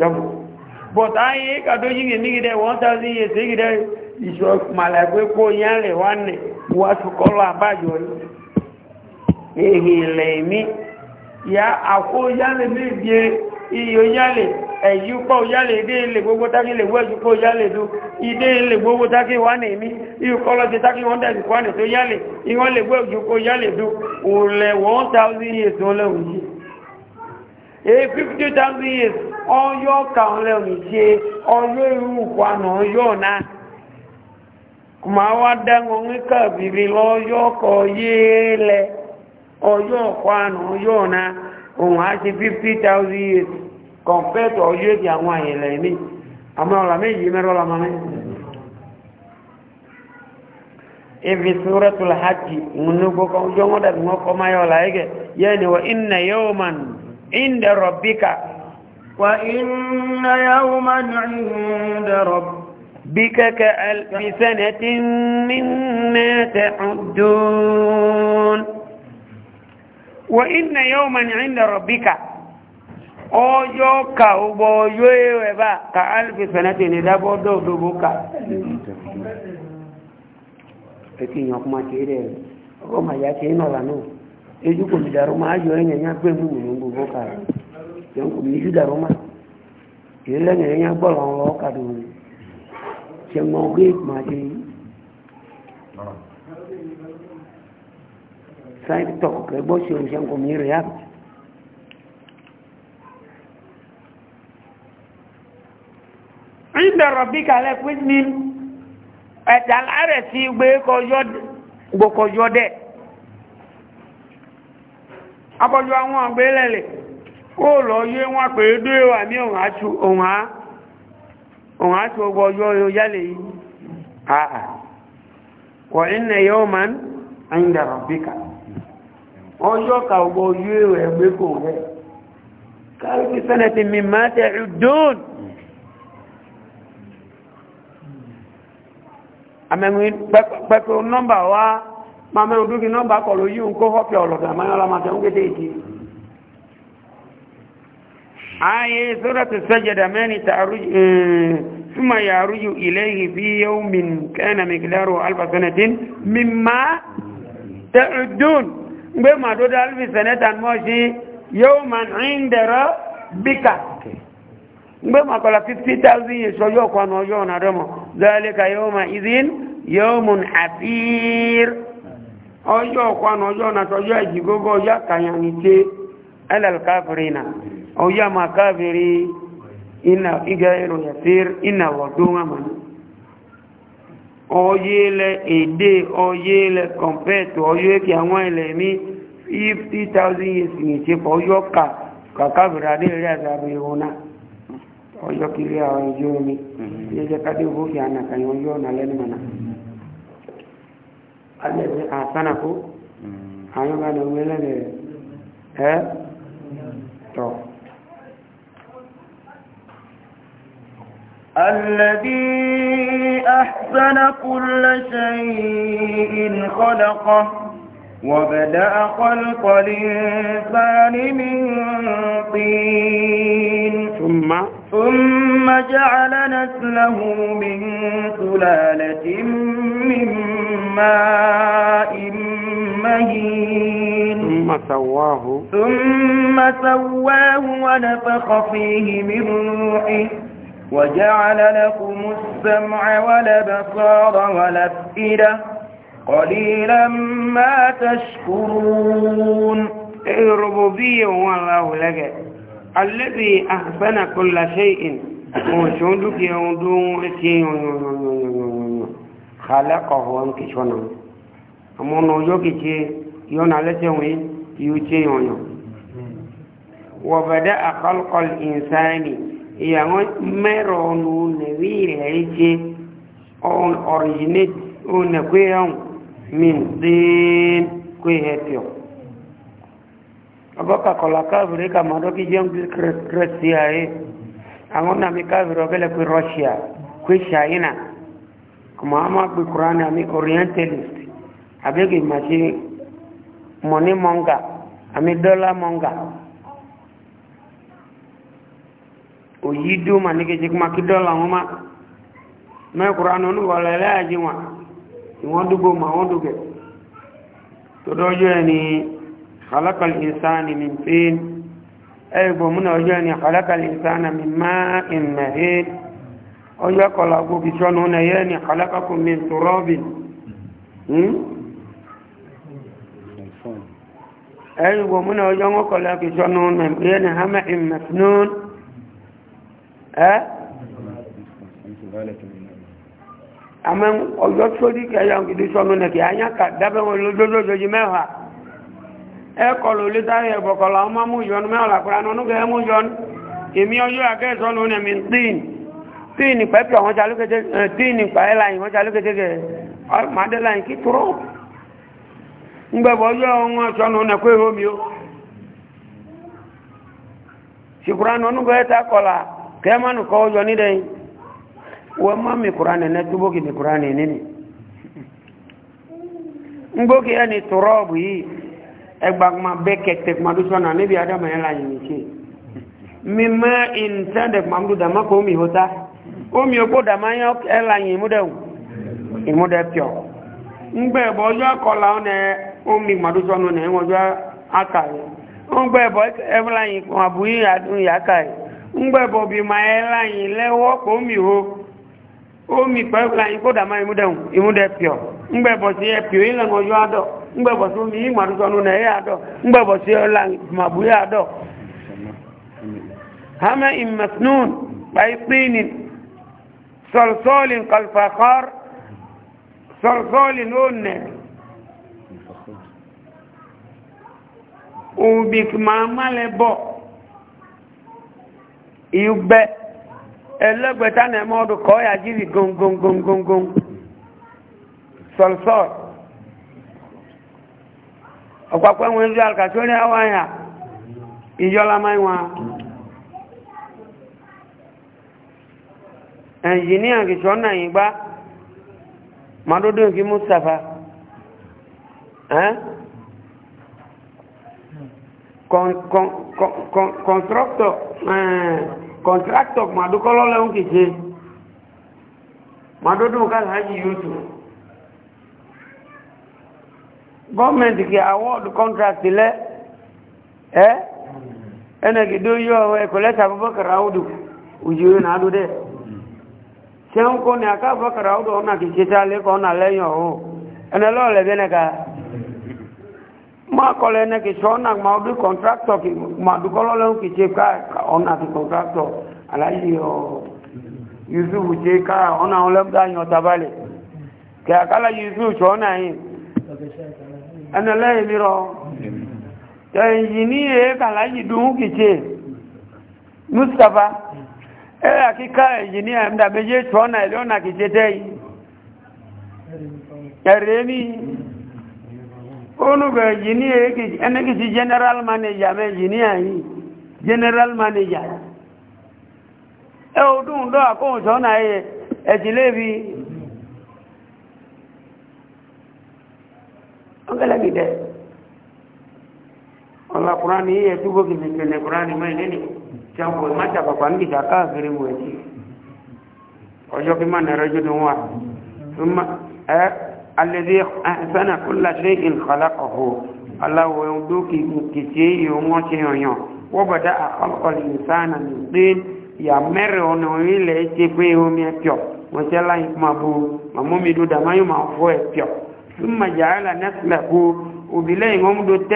A: ka but ayi eka do yi ni gide 1000 years gide iso mala gbe ko yan le wa ni wa su ko la ba yo ni ehi le mi ya ako yan le mi bie iyo yan le eyi po yan le de gbogbo taki le weju po yan le do ide gbogbo taki wa ni mi iyo ko lo ti taki won de ko ni to yan le iwon le gbe oju ko yan le do o le 1000 years o le oji èyí fífítì tàbí yìí ọyọ́ kàúnlẹ̀ òníṣe ọyọ́ ìrúkọ na ọyọ́ náà kùmà wá kọ yéé lẹ ọyọ́ ọkọ àná ọyọ́ náà òun á ṣe fífítì tàbí yìí kọ̀ǹpẹ́tọ̀ ọyọ́ èdè àwọn àyẹ̀lẹ̀ mi àmọ́ ọ̀là méjì mẹ́rọ ya ya inna inda rabbika
B: wa inna yawman inda
A: rabbika ka alfi sanatin mimma ta'uddun wa inna yawman inda rabbika ọjọ́ ka ugbo ọjọ́ ewe ba ka alfi sanatin idabo dodobo ka ẹ̀kí ìyànkúmá kéré rẹ̀ ọgọ́mà yá kéré náà lánàá ejuko mi daruma ayo enya nya gbe mu ni ngu boka yangu mi ju daruma ile nya nya bolon lo ka du che mo ge ma ji sai to ke bo si o yangu mi re ya inda rabbika la quzni atal arasi gbe ko yod gbo ko abọ́jú àwọn àgbélẹ̀lẹ̀ kó lọ yé wọn pé dé wà ní òun àtú ọgbọ̀ ọjọ́ yálẹ̀ wọ̀ ha yóò máa ń àyíndàrọ̀ bíkà ọjọ́ ka ọgbọ̀ ojú ẹ̀wẹ̀ ẹgbẹ́ kò rẹ̀ káàkiri sẹ́nẹ̀tì mi máa tẹ̀rù dùn àmẹ́rin pẹ́pẹ́ nọ́mbà wa mama ndugi nọmba kọrọ yi nkọ họpịa ọlọga manya ọla mata ngwete iti aye suratu sajada mani ta'ruj eh, thumma yaruju ilayhi fi yawmin kana miqdaru alf sanatin mimma ta'udun ngbe ma do dal bi sanatan mo ji yawman inda rabbika ngbe ma kola 50000 yeso yo kwa no yo na domo zalika yawma idhin yawmun afir ọjọ́ ọ̀kwánà ọjọ́ nàtọjọ́ ìjìgógó ọjọ́ àkàyàní tí ẹlẹ́lẹ́kàfìrìnà ọjọ́ àmàkàfìrí ìgẹ̀ẹ́rò yàfír ìnàwọ̀dúnwàmàn ọyẹ́lẹ̀ èdè ọyẹ́lẹ̀ kọ̀mpẹ́tù ọyọ́ èkì àwọn ilẹ̀ ní 50,000 years ní ìtẹ́kọ̀ ọjọ́ kà kàkàfìrí mm-hmm. adéèrè alẹ́bí àsánàkó àwọn ọmọdé mẹ́lẹ́lẹ́ ẹ́ tọ́
B: الذي أحسن كل شيء خلقه وبدأ خلق الإنسان من طين ثم ثم جعل نسله من سلالة من ماء مهين ثم
A: سواه
B: ثم سواه ونفخ فيه من روحه
A: وجعل
B: لكم السمع والأبصار والأفئدة قليلا ما تشكرون الربوبية إيه هو الله لك
A: الذي أحسن كل شيء وشندك يوندون خلقه وانكشونا أما نوجوكي شيء يونا لسوي يوشي يونيو وبدأ خلق الإنسان يوم مرون نوير هيشي on originate on kweyon min din kwehetyo abọ́kà kọ̀lá káàbìrì kà máa dọ́kí jẹun kìrìsìtìyà yìí àwọn nàmì káàbìrì russia pé china kùmọ̀ á máa gbé kúránì àmì orientalist àbẹ́gì màṣẹ mọ̀ní mọ́ngà àmì dọ́là mọ́ngà òyì dó mà ní kejì kúmọ̀ kí dọ́là wọn má mẹ́ kúránì oníwọ̀lẹ̀ lẹ́yàjì wọn ìwọ́n خلق الإنسان من طين أي بمن أجاني خلق الإنسان من ماء مهين الله أبو بشان هنا يعني خلقكم من تراب أي بمن أجاني خلق بشان هنا يعني هم مسنون أه أما أجاكل أبو بشان هنا يعني كدابة ولدوجة جميعها ẹkọlù lítàrí ẹ̀bọ̀kọ̀lá ọmọ mújọ́n mẹ́ọ̀lápàá nọ́núgẹ́ mújọ́n èmi ọjọ́ akẹ́sọ́nù ní ẹ̀mí tíìn tíìn ọmọ sọ́nù nẹ̀kọ́ èrò mi ó ṣìkúrá nọ́núgẹ́ takọ̀lá kẹ́mánù kọ́ mi kúrá nẹ̀ẹ́ túbókì mi kúrá nẹ̀ẹ́ nínú ngbókè ẹni tóró ọ̀bù yìí ẹgba kuma bẹ kẹtẹ kuma do sọnà níbi adama la yìí ṣe mímẹ ìntẹnudẹ kuma dama kò mi hota omi òkú dama yẹn ẹ la yìí ìmúdẹ wò pìọ ngbẹ bọ ọjọ akọla omi kuma aka yẹ ngbẹ bọ ẹ la yìí kuma aka yẹ ngbẹ bọ bi ma ẹ la yìí kò mi omi la yìí kó dama wò pìọ ngbẹ bọ ẹ ngbẹ̀bọ̀ tó mi yí màdúsọ̀nù nà ẹ̀yà àdọ̀ ngbẹ̀bọ̀ sí ọlá màbúyà àdọ̀ hama immasnun pàìpínì sọ̀rọ̀sọ́ọ̀lì kalfakar sọ̀rọ̀sọ́ọ̀lì lónẹ̀ òbík máa málẹ̀ bọ̀ ìgbẹ́ ẹlẹ́gbẹ̀ta nà ẹmọ́ ọdún kọ́ yà ọ̀pọ̀pọ̀ ẹ̀wọ̀n ìlú alkàtíọ́rí àwáyà ìjọla máìwá ẹ̀njìníà kìtọ́ náà yìí gbá madodo nkí mustapha kọ̀ntrọ́kítọ̀ màdókọ́lọ́lẹ́hún kìí ṣe madodo nkálàájì yóò tó gọọmenti ki awọdụ kọntraktị lẹ ẹ ẹnẹgido yọ ọwọ ẹkọlẹta abubakar ujiri na adụ dẹ ṣe aka abubakar awudu ọ̀nà kì í ṣe tá lẹkọọ ọ̀nà lẹyìn ọ̀hún ẹnẹ lọ́ọ̀lẹ̀ ebe ẹnẹka mọ akọlẹ ẹnẹ kì ma kọntraktọ ma ọ yusuf ṣe ẹnà lẹ́yìn mìíràn ẹ̀yìn ní èékà láyìí dùn kìíṣe mustapha ẹ̀rẹ́ àkíká ẹ̀yìn ní àmì dàbẹ́jẹ́ tọ́nà ìlọ́nà kìíṣe tẹ́yìn ẹ̀rẹ́ general manager yìí general manager ẹ̀ ọdún dọ́ ọgẹ́lẹ́ gidẹ ọ̀la kurani yíyẹ túbọ̀ kìí kìlẹ̀ kurani mọ́ ilé ni jẹ́wọ́ má jàpàpà ń gìjà káàkiri wọ̀ ẹ̀jì ọjọ́ kí má nẹ̀rọ ojú ni wà ẹ alẹ́dẹ́ ẹ̀sánà kúlá ṣe ìkọlá ọ̀họ́ aláwọ̀ ẹ̀dọ́ kìí ṣe yìí wọ́n ṣe yànyàn wọ́n bàdá àkọlù ìsánà ní yà mẹ́rẹ̀ ọ̀nà ilẹ̀ ṣe pé omi ẹ̀pọ̀ wọ́n ṣẹ́ láyé máa màmú mi dúdà máyé fọ́ ẹ̀pọ̀ ثم جعل نسله وبليه ممدت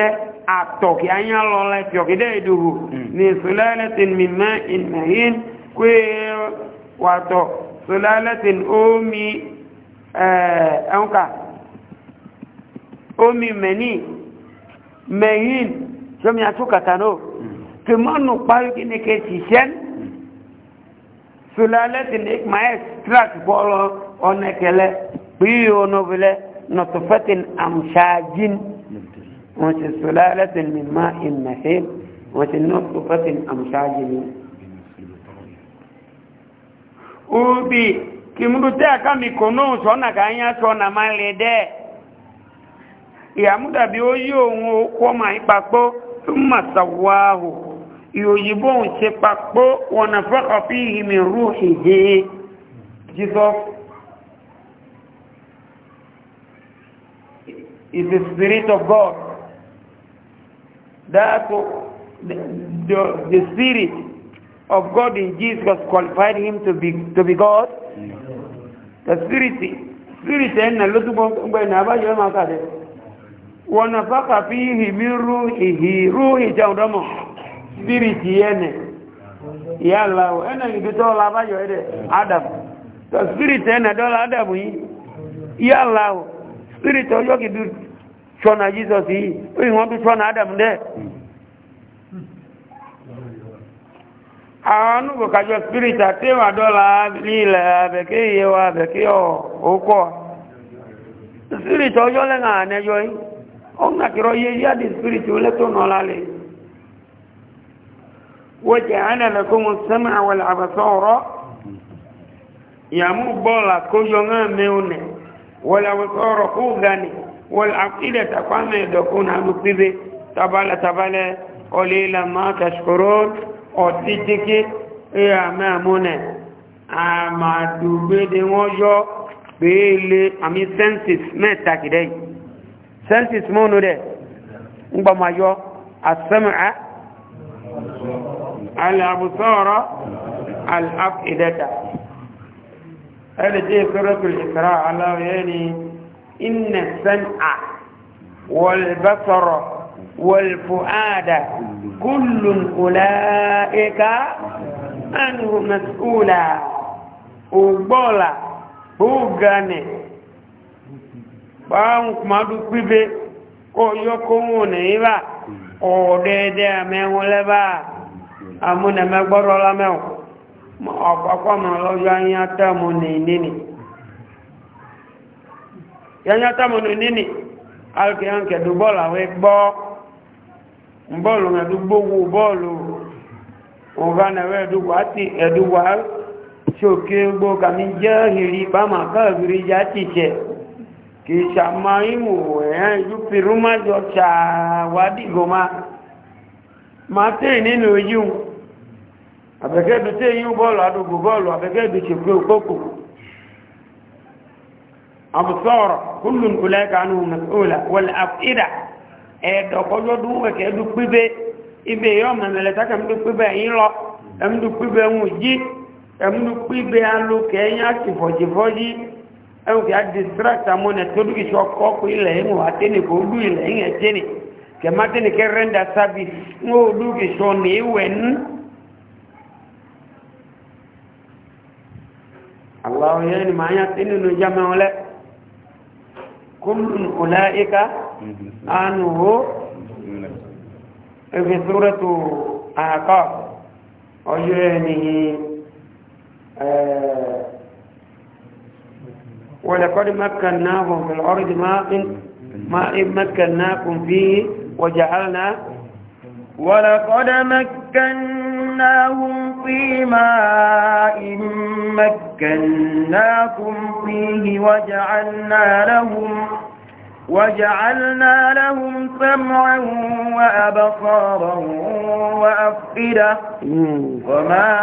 A: أعطوك أن يالله لك يقدر يدوه من سلالة من ماء مهين كوي واتو سلالة أمي أنك أمي مني مهين ثم يأتوك تنو كما نقبل إنك تشين سلالة إنك ما يسترك بولو أنك لا بيو نوبله نطفة أمشاج وفي سلالة من ماء مهيب وفي نطفة أمشاج ubi kimudutea kama ikono sona kanya sona malede ìyàmúdàbí ó yí òun okó ma ìpapò tó mà sàwáhù ìyòyìnbó òun ṣe papò wọnà fẹ́kọ̀ọ́ fi ìhìmì jesus is the spirit of God. That the, the, the spirit of God in Jesus qualified him to be to be God. The spirit spirit and a lot of when abajo ma ka de. Wona faka fi hi miru hi ruhi jawdamo. Spirit yene. Ya Allah, ena ibi e to la abajo ede Adam. The spirit ena e do la Adam yi. Ya Allah, spirit ojo ki chọ́nà jesus yìí oyi wọ́n tún chọ́nà adam dẹ́ àwọn anúgbò kájọ spirit àti ìwà dọ́là lílẹ̀ àbẹ̀kẹ́ iye wa àbẹ̀kẹ́ ọkọ̀ spirit ọjọ́ lẹ́nà ànẹjọ́ yìí ọ̀nà kìrọ yẹ yáàdì spirit lẹ́tọ̀ nà lálẹ́ wọ́jẹ̀ ánàlẹ́kùn sẹ́mà wẹ̀lẹ̀ àbẹ̀sọ̀ ọ̀rọ̀ ìyàmú bọ́ọ̀lù àkójọ náà mẹ́wọ̀n wẹ̀lẹ̀ àbẹ̀sọ̀ ọ̀rọ̀ kú gani wọ́n àkídẹ̀ tàpánà ìdọ̀kún náà ló pípé tabalẹ̀ tabalẹ̀ ọlẹ́ ìlànà tàṣkòrò ọ̀tí tíkí ẹ̀yà mẹ́àmúnẹ̀ àmàdùgbédé wọ́n yọ pèéle àmì census mẹ́ta kìdẹ́ yìí census mọ́nu dẹ̀ ń gbọmọ yọ àsẹ́mìá alàbùsọ̀rọ̀ alàfìdẹ́ta ẹni tí ìsọ́rọ̀ tó ìsọ́rọ̀ aláwọ̀ yẹ́ ni إن السمع والبصر والفؤاد كل أولئك عنه مسؤولا أبولا أغاني báwọn kùmádù pípé na yọ kó wọn ní bá ọ̀dẹ́dẹ́ àmẹ́wọn lẹ́bà àmúnẹ̀mẹ́gbọ́rọ̀ lámẹ́wọ̀n ọ̀pọ̀pọ̀ mọ̀ lọ́jọ́ ayé na nìní nìí yanya tamonu nini alke yanke du bọ́ọ̀lù àwọn ẹgbọ́ bọ́ọ̀lù ẹ̀dúgbòwò bọ́ọ̀lù ọ̀gánẹ̀wẹ̀ ẹ̀dúgbò àti ẹ̀dúgbò ṣòkè gbò kàmí jẹ́ ìrì bámà káàkiri já ti ṣẹ̀ kì í cha wadi goma ìjú pìrúmájọ ṣàwádìgọ́má abeke tẹ́ nínú ojú àbẹ̀kẹ́dù tẹ́ yín bọ́ọ̀lù àdúgbò bọ́ọ̀lù àbẹ̀kẹ́dù ṣòkè òpópò أبصار كل أولئك عنه مسؤولة والأفئدة أدو قجو دوما كأدو قبي إبي يوم ملتك أمدو قبي إلا أمدو قبي موجي أمدو قبي ألو كينيا كفوجي فوجي أو كي أدستراكت أمونا تدو إشوكوكو إلا هنو كودو إلا هنو أتيني كما تيني كرندا سابي نودو كشوني وين الله يعني ما يتنو نجمع لك كل أولئك عنه في سورة أعقاب وجرانه ولقد مكناهم في الأرض ما ما
B: مكناكم فيه وجعلنا ولقد مكناهم مكناهم في ماء مكناكم فيه وجعلنا لهم وجعلنا لهم سمعا وأبصارا وأفئدة وما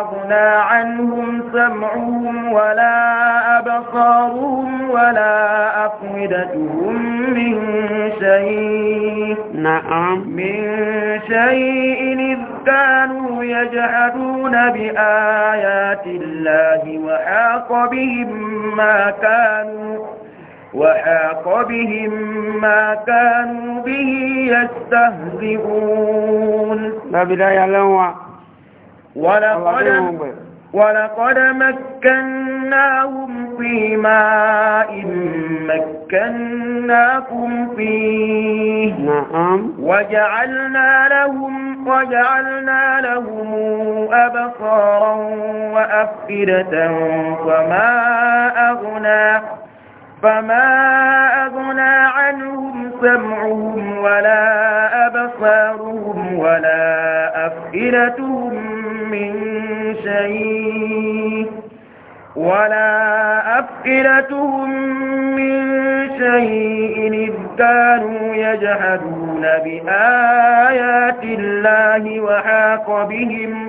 B: أغنى عنهم سمعهم ولا أبصارهم ولا أفئدتهم من شيء نعم من شيء إذ كانوا يجحدون بآيات الله وحاق بهم ما كانوا وحاق بهم ما كانوا به يستهزئون بداية لهم ولقد ولقد مكناهم في ماء مكناكم فيه نعم وجعلنا لهم وجعلنا لهم أبصارا وأفئدة فما أغنى فما أغنى عنهم سمعهم ولا أبصارهم ولا أفئلتهم من شيء ولا أفئلتهم من شيء إذ كانوا يجحدون بآيات الله وحاق بهم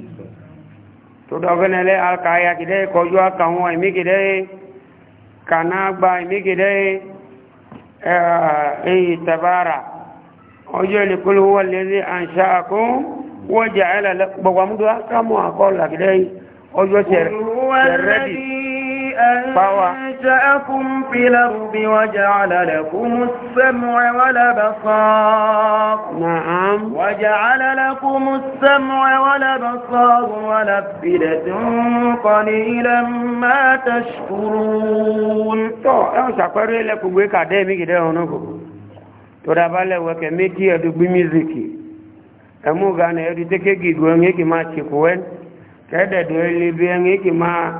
A: tudɔgene le alkaya kide kɔjua kaŋua imi kide kanagba imi kide eyi eh, eh, tabara ɔjɔ ni kulu huwa lezi anshaakum waja'ala lakum bɔgɔ mu do akamu akɔla kide ɔjɔ tɛrɛ tɛrɛ di
B: pawa. أنشأكم في الأرض وجعل لكم السمع والأبصار نعم وجعل لكم السمع والأبصار والأفئدة قليلا ما تشكرون تو أنسى قرر
A: لكم بيك عدامي كده هنوكو تو دابالة وكميتي أدو بميزيكي أمو غانا يدو تكيكي دوانيكي ما تشكوين كده دوالي بيانيكي ما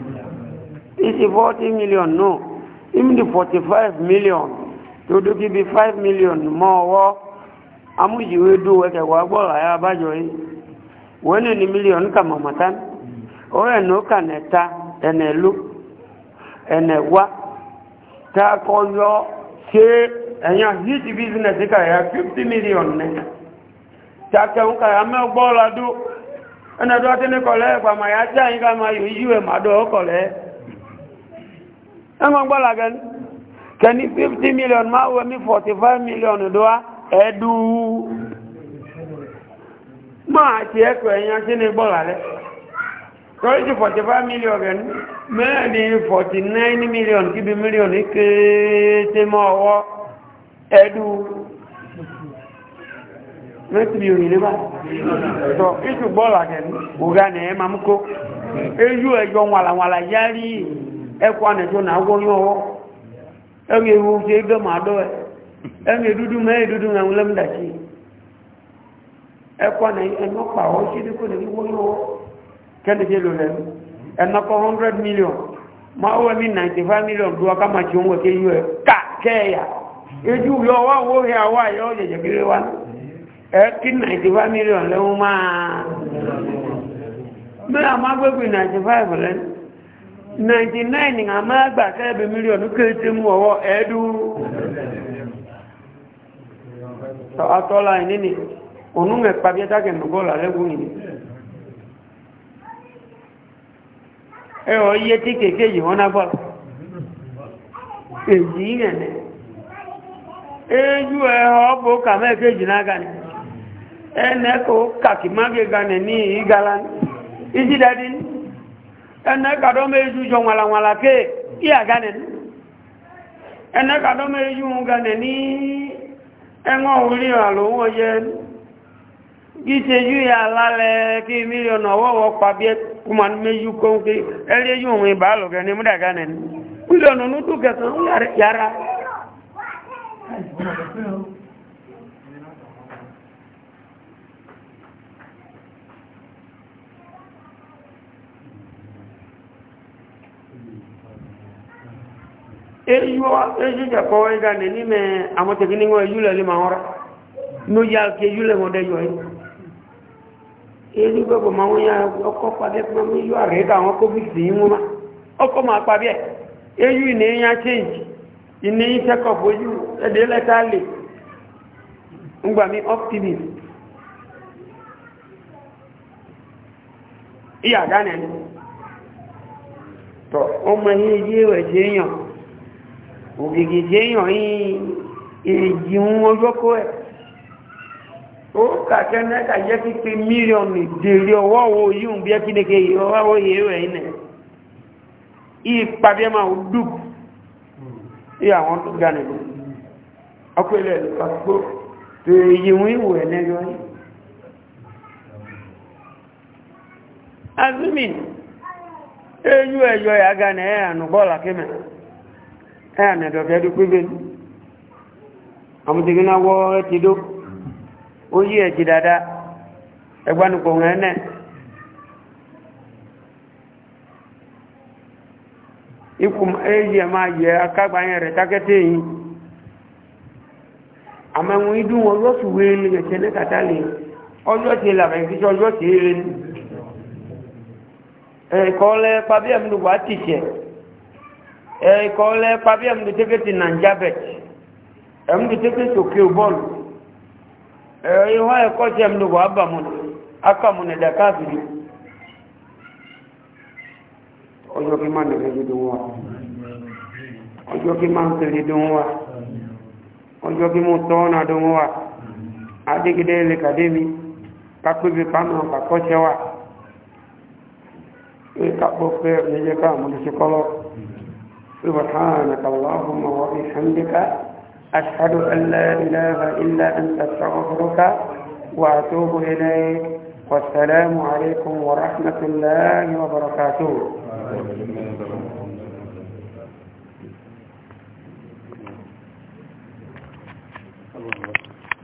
A: Is it 40 million? No. Even the 45 million, to do give 5 million more, how much you will do with a wabble? I have a joy. When any million come on, ka or a no caneta, and a look, and a what? your say, and your business, I have 50 million. Take on your ball, I do. And I don't I'm a you, ẹmọ gbọ́la gẹ́ni kẹni 50 million máa wọ mí 45 million dọ́wà ẹ̀dù máa ti ẹ̀kọ́ ẹ̀yàn sí ní gbọ́la rẹ̀ kọ́lí ti 45 million gẹ́ni mẹ́rin 49 million kíbi million kéèté mọ́ ọwọ́ ẹ̀dù mẹ́tìlì òyìnlẹ́ bá tọ́ ìṣù gbọ́la gẹ́ni ògá nẹ̀ẹ́ mamúkó ejú ẹjọ́ wàlàwàlà yárí ẹkọ anẹjọ náà wọ́nyọ́ ọwọ́ ẹ̀rù ewu ṣe é bẹ́ẹ̀ máa dọ́ ẹ ẹ̀rù èdúdú mẹ́rin èdúdú ẹ̀rù lẹ́mùdàṣí ẹkọ anẹjọ pa ọ́ ṣe é kó lè wọ́nyọ́ ọwọ́ kẹ́lẹ́dẹ́ lò lẹ́nu ẹ̀nàkọ́ 100 million máa wọ́n mi 95 million dúwọ́ ká máa ṣe òun wẹ̀kẹ́ yú ẹ̀ ká kẹ́ẹ̀yà ejú yọ wá owó rẹ̀ àwọ̀ àyọ́ jẹ̀jẹ̀ kiri wa ẹ̀ 95 million lẹ́wọ́n máa mẹ́ra máa gbégbé 95 lẹ́nu 99 nga máa gbà kẹ́ẹ̀bẹ̀ mílíọ̀nù kéèté mú ọwọ́ ẹ̀ẹ́dú àtọ́lá ìnini òun mẹ́ pàbíẹ́tàkẹ̀ nùgọ́là lẹ́gùn ìní ẹ̀rọ iye tí kèké yìí wọ́n nágbà èyí ìrẹ̀nẹ̀ ejú ẹ̀họ́ bó kàmẹ́ kéjì nága ni ẹnẹ́kọ̀ọ́ kàkì má gẹ́gà nẹ̀ ní ìgalá ìjídádínì ene kado meju jo wala wala ke iya ganen ene kado meju ganen ni enwo ori alo wo ye gise ju ya lale ki million owo wo pa bi kuman meju ko ke ele ju mi ba lo ganen mu da ganen million nu du ke yara eyo ejuja kwa wega nime amote kiningo yule lima hora no ya ke yule mo de yoy eli gogo ma wonya oko pa de ma mi yo are da won ko bi si ma oko ma pa eyu ni ya change ini se ko boju e de le tali ngba mi optimist iya to o ma ògìgì jéèyàn èjì ń ojókó ẹ̀ ó kàkẹ́ nẹ́ta jẹ́ pípé mílíọ̀nù dèrè ọwọ́ owó yíò bí ẹ́kídeke ọwọ́ owó yìí ìpàdé máa ó dùk sí àwọn tó ga nìlú ọkùnrin ẹ̀ lọ́pàá tó èyí ń ìwò ẹ̀ yìí eyu ẹ̀yọ ìyá ga nẹ̀ẹ́ ẹ̀ ànàdọ̀fẹ́ dúpé bẹ́ẹ̀ àmúdìgbìnà wọ́ ẹ̀tì dó ó yí ẹ̀jì dada ẹgbánukọ̀ wọn ẹ̀nẹ́ ikú èyí ẹ̀ máa yẹ akágbáyẹn rẹ̀ tákẹ́tẹ́ yìí àmẹ́wọn idú wọn yóò sì wé lè ẹ̀tẹ́ ní kàtà lè ọjọ́ ti làbẹ̀ kí ọjọ́ ti lè ẹ̀kọ́ lẹ́ pàbí ẹ̀mínú wà á ẹ̀kọ́ lẹ́ pàbí ẹ̀mùdí tẹ́kẹ́tì nàìjábẹ̀t ẹ̀mùdí tẹ́kẹ́tì òkè bọ́ọ̀lù ẹ̀yìnwá ẹ̀kọ́ tí ẹ̀mùdí wà bàmùnà akàmùnà aka ọjọ́ kí máa nẹ̀rẹ́ dídùn wa ọjọ́ kí máa ń tẹ̀lé dùn wa ọjọ́ kí mú tọ́ọ̀nà wa wa سبحانك اللهم وبحمدك أشهد أن لا إله إلا أنت استغفرك وأتوب إليك والسلام عليكم ورحمة الله وبركاته